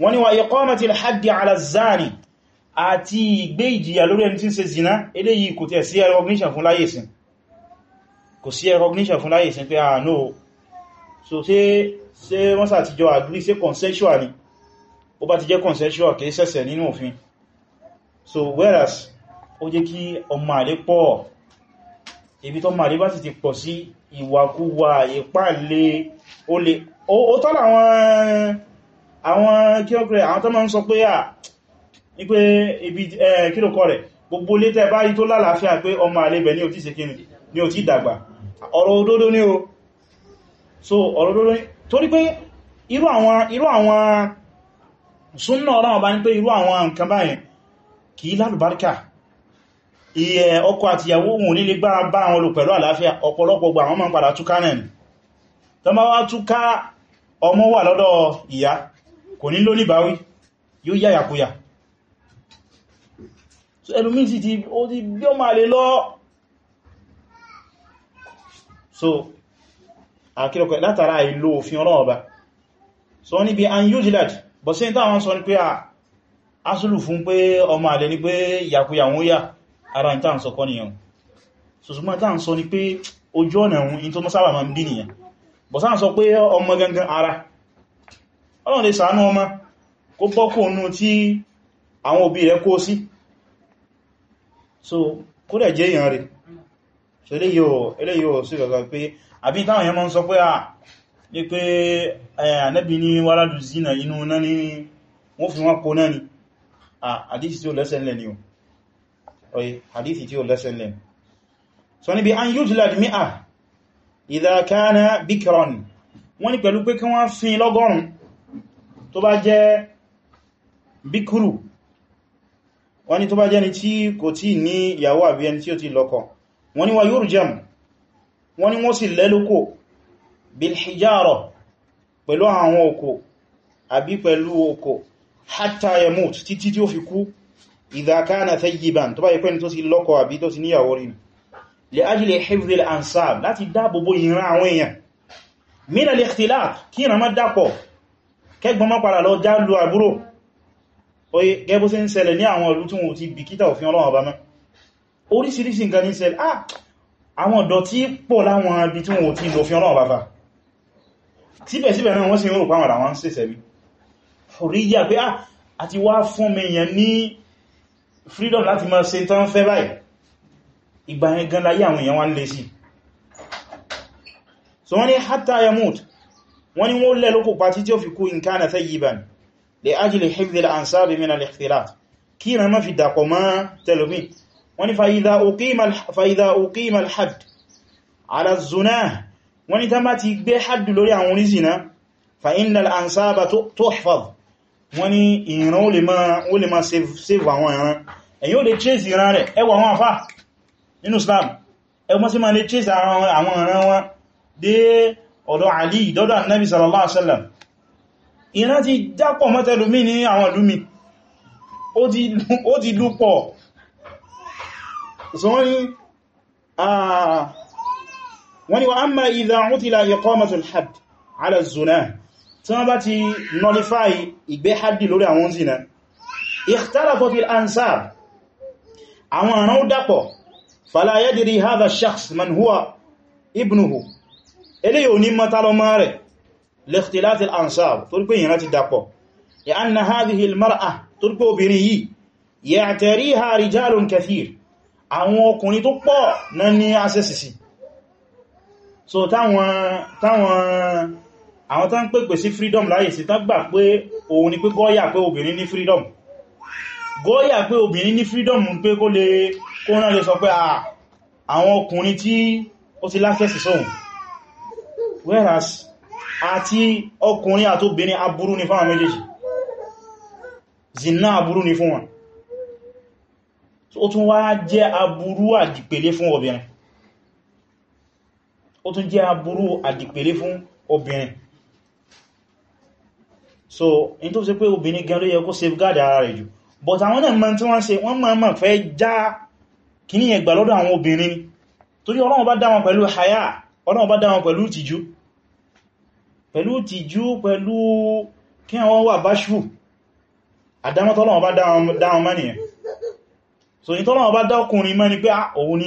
wọ́n ni wa iqamati al-haddi ala zani àti ìgbé ìjìyà lórí ẹni tí ń ṣe zina eléyìí kò tẹ̀ sí recognition fún láyé sin kò sí recognition fún láyé sin pé ah no so ṣe ṣe wọ́n sàtijọ́ agree ṣe consensual ni ó bá ti jẹ́ consensual kìí ṣẹ̀ṣẹ̀ nínú òfin so whereas ó jẹ́ kí ọmọ àlè pọ̀ ibi tó màrí bá sì ti pọ̀ sí ìwàkúwà ìpàlẹ̀ olè ó tọ́lá àwọn kí ó kẹrẹ àwọn tó máa ń sọ pé à ní pé ibi kílòkọ́ rẹ̀ gbogbo létẹ̀ báyìí tó lálàáfíà pé ọmọ àlébẹ̀ ní òtí sekínì ní òtí ìdàgbà ọ̀rọ̀ òdodo o so ọ̀rọ̀ òdodo ní torí pé irú àwọn súnnà ọlọ́wọ̀n bá ń pé irú àwọn kìí lálùbáríkà iye ọkọ àtìyàwó wọn nílé gbára bá wọn lò pẹ̀lú àlàáfíà ọ̀pọ̀lọpọ̀ gbà wọn máa ń padà túká náà ni tó máa wá túká ọmọ wà lọ́dọ̀ ìyá kò ní lóníbáwí yóò yáyàkúyà so ẹlùmí sì ti ó ti bí ó máa lè so àkílọ̀kọ̀ látara ìlò òfin so níbi an yóò jìlàjì bọ̀ sí ìtàwọn asúlù fún pé ọmọ àlè ní pé yàkúyà wọ́n yà ara ìta ń sọkọ́ nìyàn ṣùgbọ́n ta ń sọ ni pé ojú ọ̀nà ohun in tó mọ́ sábà ma ń bí nìyàn bọ̀ sáà sọ pé ọmọ gangan ara ọlọ́run lè ṣàánú ọmọ kó bọ́kù nú tí àwọn òbí rẹ̀ kó sí so kó dẹ̀ jẹ́ èèyàn rẹ̀ so eléyìí sí gbogbo pé àbí táwọn èèyàn mọ́ ń zina inú náà ni wọ́n fi wọ́n kó náà ni àdífì ah, tí ó lẹ́sẹ̀lẹ̀ ni oye àdífì tí ó lẹ́sẹ̀lẹ̀ so níbi an yujlad mi'a idha kana bikran wọ́n ní pẹ̀lú pé kí wọ́n sin lọ́gọ́rùn tó bá jẹ́ bíkúrù wọ́n ní tó bá jẹ́ ni tí kò tí ní ìyàwó àbí ẹni tí ó ti lọ́kọ wọ́n ní wa yurjam wọ́n ní wọ́n sì lẹ́lúkò bilhijara pẹ̀lú àwọn òkò àbí pẹ̀lú òkò hatta yamut títí tí ó fi kú idha kana thayyiban tó bá yẹ pẹ́ni tó sì lọ́kọ àbí tó sì níyàwó rí li ajli hifdhi al-ansab láti dáàbòbò ìran àwọn èèyàn min al-ikhtilat kí ìran má dápọ̀ kẹgbọ́n má padà lọ já lu àbúrò oye gẹ́bó sí ń ṣẹlẹ̀ ní àwọn ìlú tí wọ́n ti bìkítà òfin Ọlọ́run ọba mọ́ oríṣiríṣi nǹkan ní ṣẹlẹ̀ ah àwọn ọ̀dọ́ tí pọ̀ láwọn ibi tí wọ́n ti lòfin Ọlọ́run ọba fa síbẹ̀síbẹ̀ náà wọ́n sì ń rò pàwọn àwọn ń ṣẹ̀ṣẹ̀ bí hurriya pé àti ah, wá fún mẹ́yàn ní freedom láti máa ṣe tán fẹ́ báyìí ìgbà yẹn gan láyé àwọn èèyàn wá ń lè sí so wọ́n ni hatta yamut wọ́n ni wọ́n lẹ́ lókò pàtí tí ó fi kú in kana thayyiban li ajli hifdhil ansabi min al-ikhtilat kí na má fi dàpọ̀ mọ́ tẹlómi fa idha al ansaba tuhfaz wọ́n ní ìran ó lè máa save àwọn ìran ẹ̀yin ó lè trace ìran rẹ̀ ẹwọ àwọn afá nínú Islam ẹwọ mọ́ sí máa lè trace àwọn ìran wọn dé ọ̀dọ̀ Ali ìdọ́dọ̀ annabi sallallahu alaihi wasallam ìran ti dápọ̀ mọ́tẹ̀lúmí ní àwọn ìlúmi ó ti lúpọ̀ wọ́n ni wa amma idha utila iqamatul hadd tí wọ́n bá ti nullify ìgbé haddi lórí àwọn zina ikhtalafat fil ansab àwọn àrán ó dàpọ̀ fala yadri hadha shakhs man huwa ibnuhu eléyìí ò ní mọ́tálọ́mọ́ rẹ̀ likhtilaf al ansab torí pé ìyàn ti dàpọ̀ ya anna hadhihi al mar'a torí pé obìnrin àwọn tán pèpè sí freedom láyè sí tán gbà pé òun ni pé gọ́yà pé obìnrin ní freedom gọ́yà pé obìnrin ní freedom pé kó lè kó náà lè sọ pé ah, àwọn ọkùnrin tí ó ti láfẹ́sì sóhun whereas àti ọkùnrin àti obìnrin aburú ni fáwọn méjèèjì zina aburú ni fún wọn ó tún wá jẹ́ aburú àdìpèlé fún obìnrin ó tún jẹ́ aburú àdìpèlé fún obìnrin so in tó ṣe pé obìnrin gan ló yẹ kó safeguard ara rẹ̀ jù but àwọn náà mọ́ tí wọ́n ṣe wọ́n mọ́ mọ́ fẹ́ já kí ní ẹgbà lọ́dọ̀ àwọn obìnrin torí Ọlọ́run bá dá wọn pẹ̀lú haya Ọlọ́run bá dá wọn pẹ̀lú tiju pẹ̀lú tìjú pẹ̀lú kí wọ́n wà bashful àdámọ́tọ́lọ́wọ́n bá dá wọn mẹ́niyàn so in tọ́lọ́wọ́n bá dá ọkùnrin pe pé ah, òun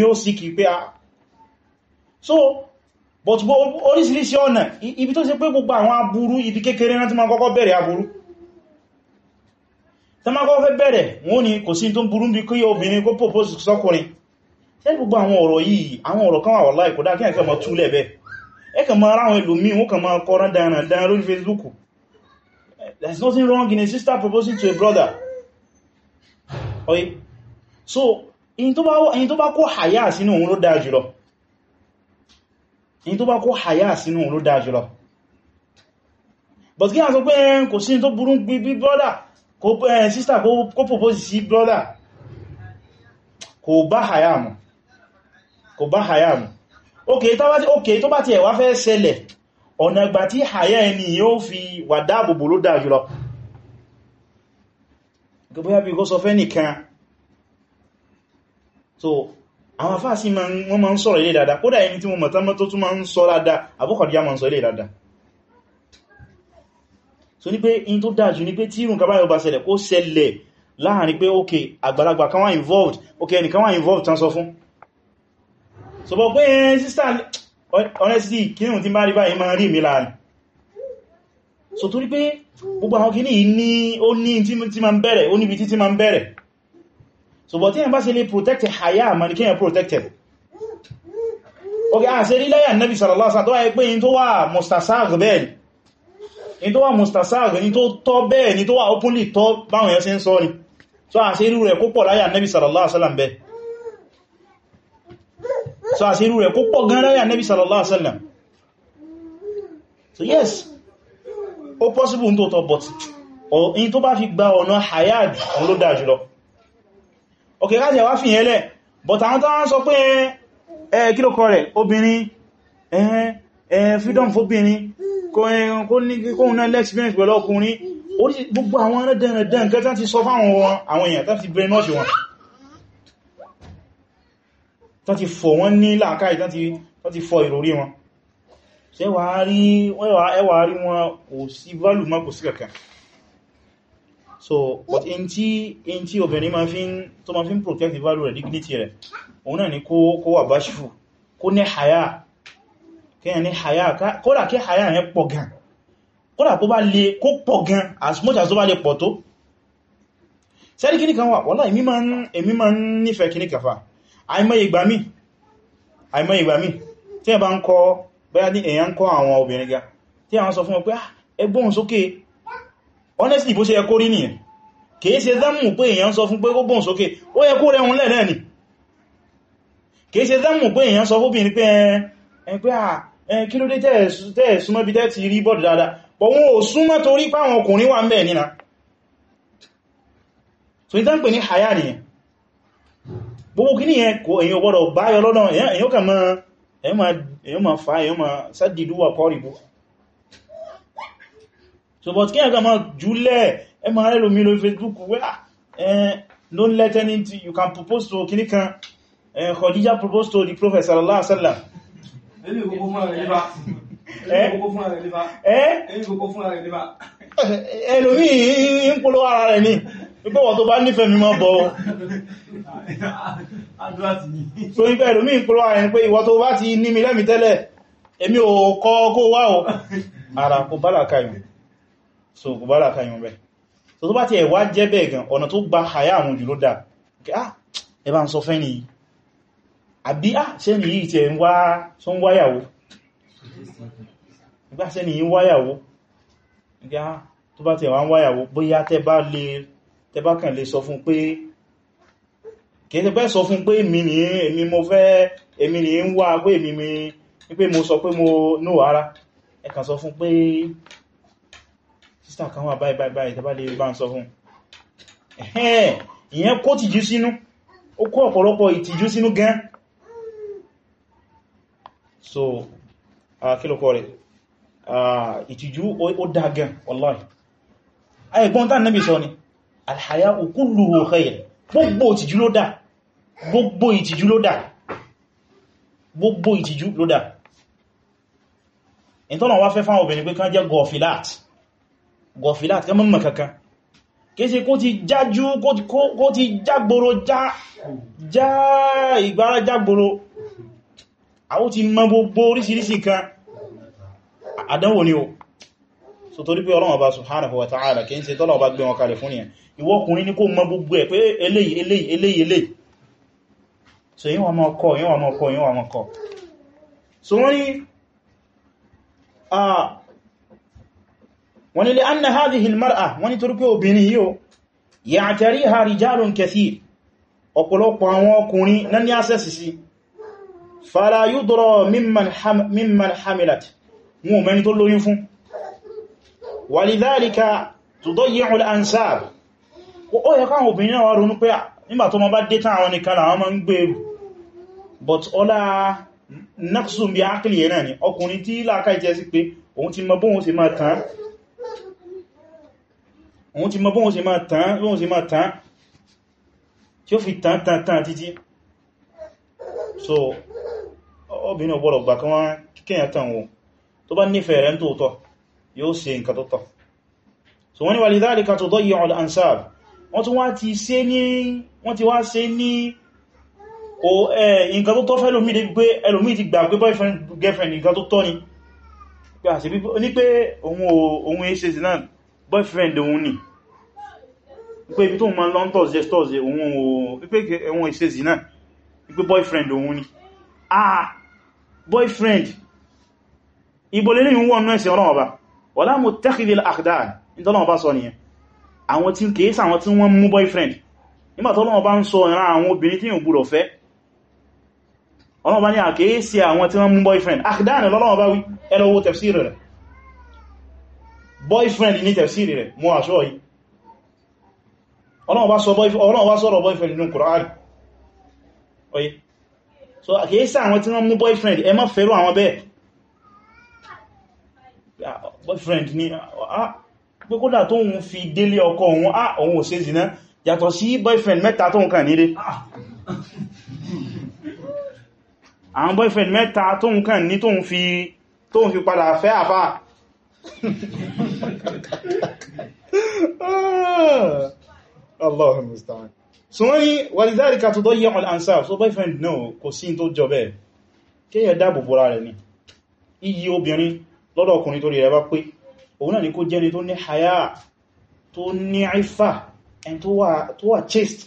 ni ó síkì pé ah. so but oríṣiríṣi ọ̀nà ibi tó ṣe pé gbogbo àwọn aburú ibi kékeré rántí ma kọ́kọ́ bẹ̀rẹ̀ aburú tó ma kọ́kọ́ fẹ́ bẹ̀rẹ̀ wọ́n ni kò sí tó burú bí kí obìnrin kó propose sọ́kùnrin tẹ́ gbogbo àwọn ọ̀rọ̀ yìí àwọn ọ̀rọ̀ kan wà wallahi kò dá kí ẹ̀kẹ́ mọ̀ túlẹ̀ bẹ́ ẹ kàn máa ráwọn ẹlòmí wọn kàn máa kọ́rán dáran dáran lórí Facebook there's nothing wrong in a sister proposing to a brother oye so in tó bá kó hàyà sínú òun ló dáa jùlọ ní tó bá kó haya sínú ló dáa jùlọ but kí a sọ pé eh, kò sí tó burú gbígbí brother kò pẹ́ sísta kó propose sí brother kò bá haya mu kò bá haya mu okay tó bá ti ẹ̀wà fẹ́ ṣẹlẹ̀ ọ̀nà ìgbà tí haya ẹni yóò fi wà dáàbòbò ló dáa jùlọ gbogbo so àwọn afá sí wọ́n ma ń sọ̀rọ̀ ilé dada kódà ẹni tí mo mọ̀ tánmọ́ tó tún ma ń sọ dada àbúkọ̀díyà ma ń sọ ilé dada so ní pé in tó dájú ní pé tí irun kaba yóò bá ṣẹlẹ̀ kó ṣẹlẹ̀ láàrin pé ok àgbàlagbà kan wá involved ok ẹni involved tán sọ so bọ̀ pé ẹn eh, honestly kírùn tí bá rí báyìí ma rí mi láàrin so torí pé gbogbo àwọn kìíní ní ó ní tí ma ń bẹ̀rẹ̀ so but yẹn bá ṣe lè protect haya ma ní kíyàn protected ok a ṣe rí láyà nabi sallallahu alaihi wasallam tó wáyé pé in tó wà mustasag bẹ́ẹ̀ ni in tó wà mustasag ni tó tọ́ bẹ́ẹ̀ ni tó wà openly tọ́ báwọn yẹn ṣe ń sọ ni so a ṣe irú rẹ̀ púpọ̀ láyà nabi sallallahu alaihi bẹ́ẹ̀ so a ṣe irú rẹ̀ púpọ̀ gan láyà nabi sallallahu so yes ó possible n tó but in tó bá fi gba ọ̀nà haya jù òun ló dáa okay kájẹ̀ wá fìyẹn lẹ̀ but àwọn tán sọ pé ẹ kí ló kọ rẹ̀ obìnrin ẹ freedom fóbìnrin kóhun náà lẹ́xperience pẹ̀lú ọkùnrin gbogbo àwọn rẹ̀dẹ̀rẹ̀dẹ̀ nǹkan tán ti sọ fáwọn àwọn èèyàn tán ti so but in tí in tí obìnrin ma fi ń tó ma fi ń protect the value rẹ̀ dignity rẹ̀ òun náà ni kó wà bashful kó ní haya kíyàn ní haya kódà kí haya yẹn pọ̀ gan kódà kó bá lè kó pọ̀ gan as much as ó bá lè pọ̀ tó sẹ́rí kíní kan wà wọ́lá èmi ma ń nífẹ̀ẹ́ kíní kàfà àìmọye ìgbà mi àìmọye ìgbà mi tí ẹ bá ń kọ bẹ́yà ní èyàn ń kọ àwọn obìnrin ga tí àwọn sọ fún ọ pé ah, ẹgbóhùn sókè honestly bó ṣe yẹ rí nìyẹn kìí ṣe dámù pé èèyàn sọ fún pé kó gbọ́n sókè ó yẹ kó rẹun lẹ́lẹ́ ni kìí ṣe dámù pé èèyàn sọ fóbìnrin pé ẹn pé à kí ló dé tẹ́ẹ̀ súnmọ́ bí ti rí bọ́ọ̀dù dáadáa pọ̀ ma fa èèyàn ma sádìdúwà pọ́rìbù so but kí ẹ̀kọ́ máa jùlẹ̀ ẹ máa rẹ̀ lómi lórí facebook wẹ́à ah, don't let any you can propose to kìní kan Khadija propose to the prophet sallallahu alaihi wasallam ẹlòmí ń polówó ara rẹ̀ ní pípọ̀ wọ́n tó bá nífẹ̀ẹ́ mi mọ́ bọ́ so ń pẹ́ ẹlòmí ń polówó ara rẹ̀ pé ìwọ tó bá ti ní mi lẹ́mi tẹ́lẹ̀ èmi ò kọ́ kó wá o ara kò bá làkà ìwé so kò bára kan rẹ̀ so tó bá ti ẹ̀wà jẹ́ bẹ́ẹ̀ gan ọ̀nà tó gba àyà àwọn jù ló dà ah, ẹ bá ń sọ fẹ́ni yìí àbí á ah, sẹ́ni yìí ti ẹ̀ ń wáyàwó nígbà sẹ́ni yìí wáyàwó nígbà ah, tó bá ti ẹ̀wà ń wáyàwó bóyá tẹ́ bá lè tẹ́ bá kàn lè sọ fún pé mo fẹ́ èmi ni sísà kan wà báyìí báyìí báyìí tàbá lè bá ń sọ fún ẹ̀hẹ́n ìyẹn kó tìjú sínú ó kó ọ̀pọ̀lọpọ̀ ìtìjú sínú gan so kílòkọ rẹ̀ ìtìjú ó dá gan wallahi ayẹ̀gbọ́n tán Nábì sọ ni al-haya'u kulluhu khayr gbogbo ìtìjú ló dá gbogbo ìtìjú ló dá gbogbo ìtìjú ló dá ìtọ́nà wá fẹ́ fáwọn obìnrin pé kán jẹ́ gọ̀ọ̀fìláàtì gọ̀fìlát kẹ mọ́mọ̀ kankan kéèsì kó ti jájú kó ti jágboro já ìgbára jágboro àwó ti mọ gbogbo orísìírísìí kan àdánwò ni o so torí pé Ọlọ́run Ọba subhanahu wa ta'ala kí n ṣe tọ́lọ̀ ọba gbé wọn kalẹ̀ fún ìyẹn ìwọ́kùnrin ní kó mọ gbogbo ẹ̀ pé eléyìí eléyìí eléyìí eléyìí so yíò wà mọ́ kọ́ yíò wà mọ́ kọ́ yíò wà mọ́ kọ́ so ni wọ́n ní li'anna hadhihi al-mar'a wọ́n ní torí pé obìnrin yìí o ya'tariha rijalun kathir ọ̀pọ̀lọpọ̀ àwọn ọkùnrin náà ní àṣẹ́sì sí fala yudra mimman hamilat wọn mẹ́ni tó lóyún fún walidhalika tudayyi'u al ah, tó mọ bá dé òun ti mọ bóhun ṣe máa tán bóhun ṣe máa tán tí ó fi tán tán tán títí so obìnrin ọgbọ́dọ̀ gbà kan wá kíkẹ́yàn tàn wò tó bá nífẹ̀ẹ́ rẹ̀ ń tóòtọ́ yóò ṣe nǹkan tó tọ́ so wọ́n ni wà lidhalika tudayyi'u al-ansab wọ́n tún wá ti ṣe ní wọ́n ti wá ṣe ní o nǹkan tó tọ́ fẹ́ lómi dé gbé ẹlòmí ti gbà pé boyfriend girlfriend nǹkan tó tọ́ ni ní pé òun èsèsì náà boyfriend òun ni pé ibi tó ma lọ ń tọ́sẹ̀ tọ́sẹ̀ òun o pé ẹ̀wọ̀n ìṣe zina pé boyfriend òun ni ah boyfriend ìbòlélé ìwọ̀n ọ̀nà ẹ̀sẹ̀ ọ̀rọ̀ ọba wala muttakhidil akhdan ìtọ́lọ́wọ́ bá sọ nìyẹn àwọn tí kìí sàwọn tí wọ́n mú boyfriend nígbàtọ́lọ́wọ́ bá ń sọ ìran àwọn obìnrin tí yóò gbúrọ̀ fẹ́ ọlọ́wọ́ ní àkèésí àwọn tí wọ́n mú boyfriend akhdan lọ́lọ́wọ́ bá wí ẹlọ́wọ́ tafsir rẹ̀ boyfriend ní tafsir rẹ̀ mú àṣọ́ yìí ọlọ́run wá sọ̀rọ̀ boyfriend nínú Kùránì oye so kìí sí àwọn tí wọ́n mú boyfriend ẹ má fẹ́rù àwọn bẹ́ẹ̀ ah, boyfriend ni ah, pé kódà tó ń fi délé ọkọ òun á ah, òun ò ṣe zina yàtọ̀ sí boyfriend mẹ́ta tó ń kàn nílé àwọn boyfriend mẹ́ta tó ń kàn ní tó ń fi tó ń fi padà fẹ́ àfáà Allahu musta'an so wọ́n ní wàlìdáríkà tó dọ́yẹ̀ al-ansar so boyfriend náà kò sí tó jọ bẹ́ẹ̀ kí yẹ dáàbò bóra rẹ̀ ní iyì obìnrin lọ́dọ̀ ọkùnrin tó rí rẹ̀ bá pé òun náà ni kó jẹ́ni tó ní haya tó ní àífà ẹn tó wà chaste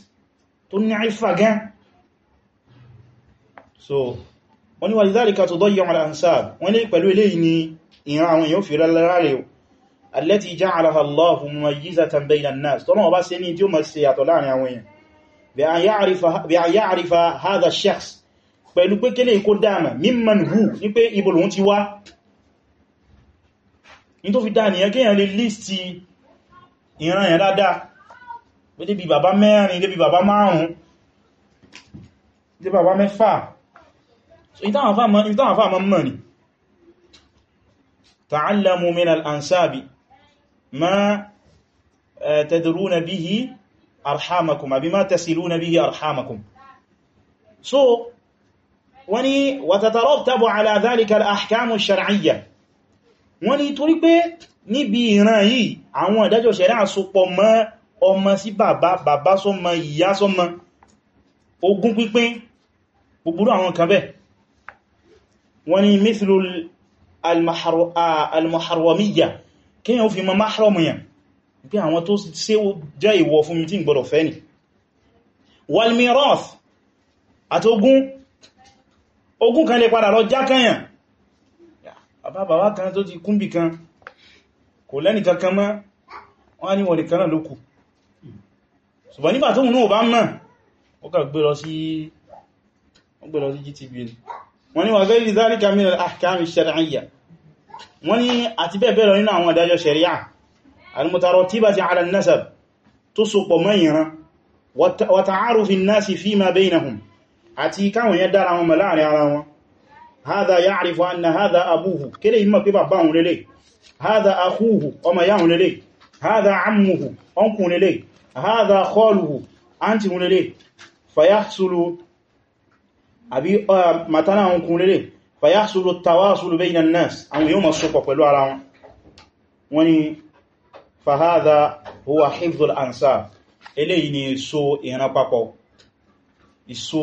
tó ní àífà gan so wọ́n ní wàlìdáríkà tó dọ́yẹ̀ al-ansar wọ́n ní pẹ̀lú eléyìí ni ìran àwọn èèyàn fi rẹ̀ lára التي جعلها الله مميزة بين الناس طبعا بس سنين تيوم السياتة لعنى عوين بأن يعرف, بأن يعرف هذا الشخص pẹ̀lú pé kílé ikó dáàmà mímọ̀ hù ní pé ibòlòun ti wá ní tó fi dáa nìyàn kíyàn lè lístì ìran yẹn dáadáa pé débi bàbá mẹ́rin débi bàbá márùn-ún débi bàbá mẹ́fà so ìtàwọn fà mọ́ ní ta'allamu min al-ansabi ma tadruna bihi arhamakum àbí ma tasiluna bihi arhamakum so wani watatarotabu ala dhalika al-ahkamu shar'iyya wani torí pé níbi ìran yìí àwọn ìdájọ́ ṣẹ̀rẹ́ àsopọ̀ mọ́ ọmọ sí bàbá bàbá sọ́mọ ìyá sọ́mọ ogún pípín gbogbo àwọn kan bẹ́ẹ̀ wani mithlul al-muharramiyya kí yẹn ó fi mọ mahram yẹn pé àwọn tó ṣe jẹ́ ìwọ̀ fún mi tí ń gbọ́dọ̀ fẹ́ ni wal mirath àti ogún ogún kan lè padà lọ jákàyàn àbábàwá kan tó ti kúmbì kan kò lẹ́nì kankan mọ́ wọ́n ní wọ̀lẹ̀ kanáà ló kù ṣùgbọ́n nígbà tó wọ́n ní àti bẹ́ẹ̀bẹ́ẹ̀ lọ nínú àwọn ìdájọ́ sharia al-mutaratibati ala an-nasab tó sopọ̀ mẹ́yìnran wa ta'arufi an-nasi fima baynahum àti káwọn yẹn dára wọn láàrin ara wọn hadha ya'rifu anna hadha abuhu kéde yìí mọ̀ pé bàbá òun lélẹ̀ hadha akhuhu ọmọ yáhùn lélẹ̀ hadha ammuhu ọkùn lélẹ̀ hadha khaluhu àǹtí wọn lélẹ̀ fayahsulu àbí uh, matana ọkùn lélẹ̀ fàyásùlù tàwásùlù bayna an-nas àwọn yóò máa sopọ̀ pẹ̀lú ara wọn wọ́n ni fahadha huwa hifdhul ansar eléyìí ni so ìran papọ̀ ìso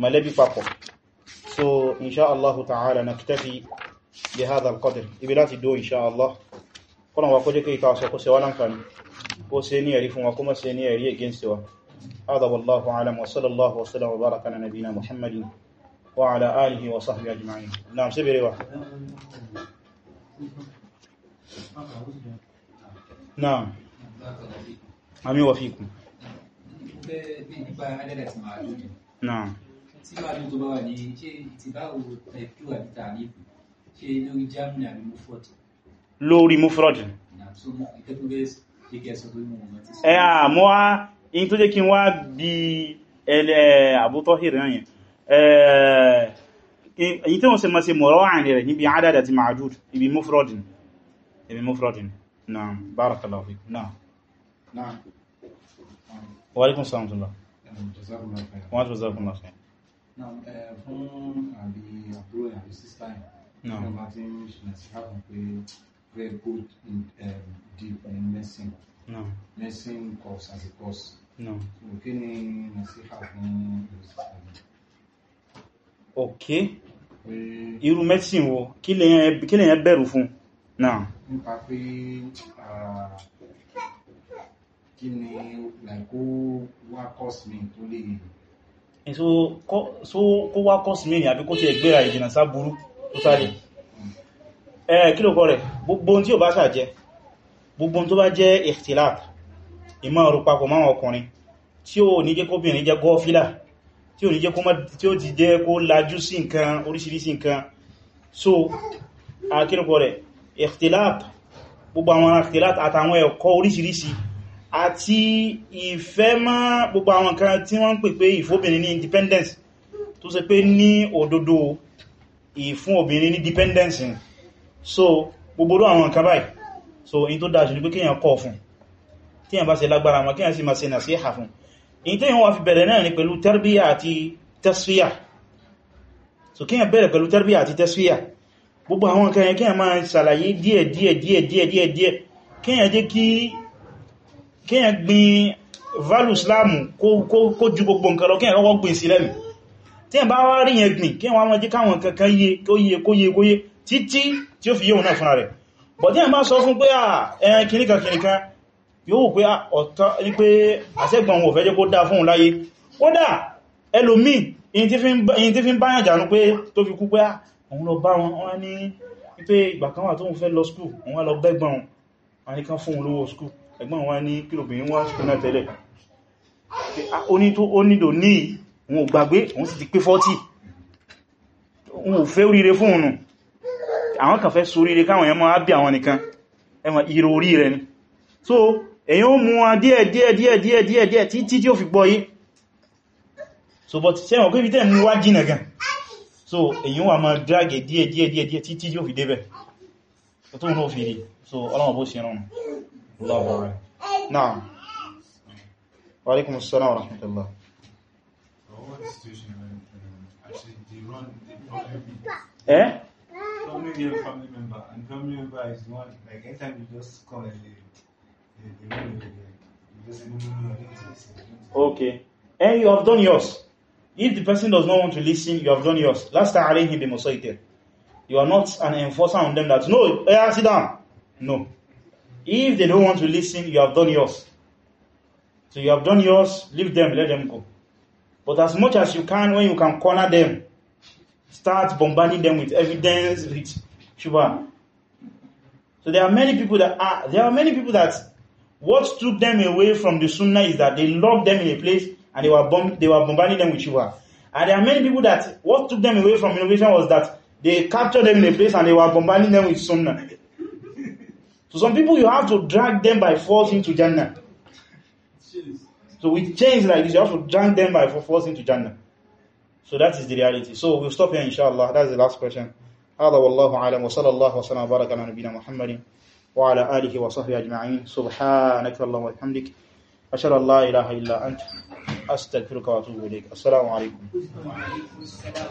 mọ̀lẹ́bí papọ̀ so insha Allah ta'ala naktafi bi hadha al-qadr ibi láti do insha Allah kọ́nà wa kó jẹ́ kí ìtawàsọ kó ṣe wá والله أعلم وصلى الله وسلم وبارك نبينا محمد وعلى آله وصحبه أجمعين نعم سبري واحد نعم أمي وفيكم نعم tí máa dùn tó bá wà ní ṣe ìtìbáwò tẹ̀kú àti lórí germany ẹ̀yà mọ́ in tó jẹ́ kí wá bí ẹlẹ́ àbútọ́hìrì náà yẹn Eh, èyí tí wọ́n ṣe máa ṣe mọ̀rọ̀ wà ní rẹ̀ níbi adada ti ma'adud ibi mufrodin ibi mufrodin na'am barakallahu fik na'am na'am wa alaikum salam tula wọ́n tó zarkun lafi na'am eh, fún àbí àbúrò àbí sísá na'am ma ti ń ṣe ṣàkùn pé very good in um, deep and eh, medicine na'am ok irú medicine wo kí lè yẹn bẹ̀rù fún náà nípa pé kí ni kó wá cosme tó lè so kó wá cosme ni àbí kó ti ẹgbẹ́ra ìjìnà sáburú tó sáré ẹ̀ kí ló kọ́ rẹ̀ gbogbo tí ò bá sàjẹ́ gbogbo tó bá jẹ́ ikhtilat ìmọ̀ òrùpapọ̀ máwọn ọkùnrin tí ò ní jẹ́ kóbìnrin jẹ́ gọ́fílà tí ò ní jẹ́ kó mọ́ tí ó ti jẹ́ kó lajú sí nǹkan oríṣiríṣi nǹkan so akírùkọ rẹ̀ ikhtilat gbogbo àwọn ikhtilat àtàwọn ẹ̀kọ́ oríṣiríṣi àti ìfẹ́ má gbogbo àwọn nǹkan tí wọ́n ń pè pé ìfóbìnrin ní independence tó ṣe pé ní òdodo ìfún obìnrin ní dependence so gbogbo àwọn nǹkan báyìí so in tó dájú ní pé kíyàn kọ́ fún kíyàn bá ṣe lágbára mọ́ kíyàn sì máa ṣe nasiha fún in tí wọ́n fi bẹ̀rẹ̀ náà ni pẹ̀lú tarbiyya àti tasfiyya so kíyàn bẹ̀rẹ̀ pẹ̀lú tarbiyya àti tasfiyya gbogbo àwọn nǹkan yẹn kíyàn máa ṣàlàyé díẹ̀ díẹ̀ díẹ̀ díẹ̀ díẹ̀ díẹ̀ kíyàn jẹ́ kí kíyàn gbin value Islam kó ju gbogbo nǹkan lọ kíyàn kọ́kọ́ gbin sílẹ̀ tí yẹn bá wá rí yẹn gbìn kíyàn wá mọ́ yóò pé ah, ọ̀tán ní pé àṣẹ́gbọ̀n òun ò fẹ́ jẹ́ kó dáa fún láyé kódà ẹlòmí in tí fi ń báyàn jànú pé tó fi kú pé ah, òun lọ bá wọn wọ́n ní pé ìgbà kan wà tóun fẹ́ lọ skúl òun lọ bẹ́gbọ̀n wọn ní kan fún un lówó skúl ẹ̀gbọ́n wọn ní kílòbìnrin wá skúl náà tẹ́lẹ̀ oní tó ó nílò ní òun ò gbàgbé òun sì ti pé 40 òun ò fẹ́ oríire fún òun àwọn kan fẹ́ soríire káwọn ẹmọ á bí àwọn nìkan ẹmọ ìrò orí rẹ ni so èyí ó mú wọn díẹ̀ díẹ̀ díẹ̀ díẹ̀ díẹ̀ díẹ̀ títí tí ó fi gbọ́ yí so but sẹ́wọ̀n pé fítẹ̀ mú wá jìnà gan so èyí wà máa drag díẹ̀ díẹ̀ díẹ̀ díẹ̀ títí tí ó fi débẹ̀ tó ń fi so ọlọ́wọ̀n bó ṣe rán lọ́wọ́ rẹ̀ náà wa alaikum assalam wa rahmatullah Eh? Family, member, and family member is one like anytime you just call and Okay. And you have done yours. If the person does not want to listen, you have done yours. Last time alayhim bi musaitir. You are not an enforcer on them that, no, yeah, sit down. No. If they don't want to listen, you have done yours. So you have done yours, leave them, let them go. But as much as you can, when you can corner them, start bombarding them with evidence, with shubha. So there are many people that are, there are many people that what took them away from the Sunnah is that they locked them in a place and they were bomb- they were bombarding them with shiva. And there are many people that what took them away from innovation was that they captured them in a place and they were bombarding them with sunnah. so some people you have to drag them by force into Jannah. So with chains like this, you have to drag them by force into Jannah. So that is the reality. So we'll stop here inshallah. That's the last question. هذا والله أعلم وصلى الله وسلم وبارك على نبينا محمد وعلى آله وصحبه أجمعين سبحانك اللهم وبحمدك أشهد أن لا إله إلا أنت أستغفرك وأتوب إليك السلام عليكم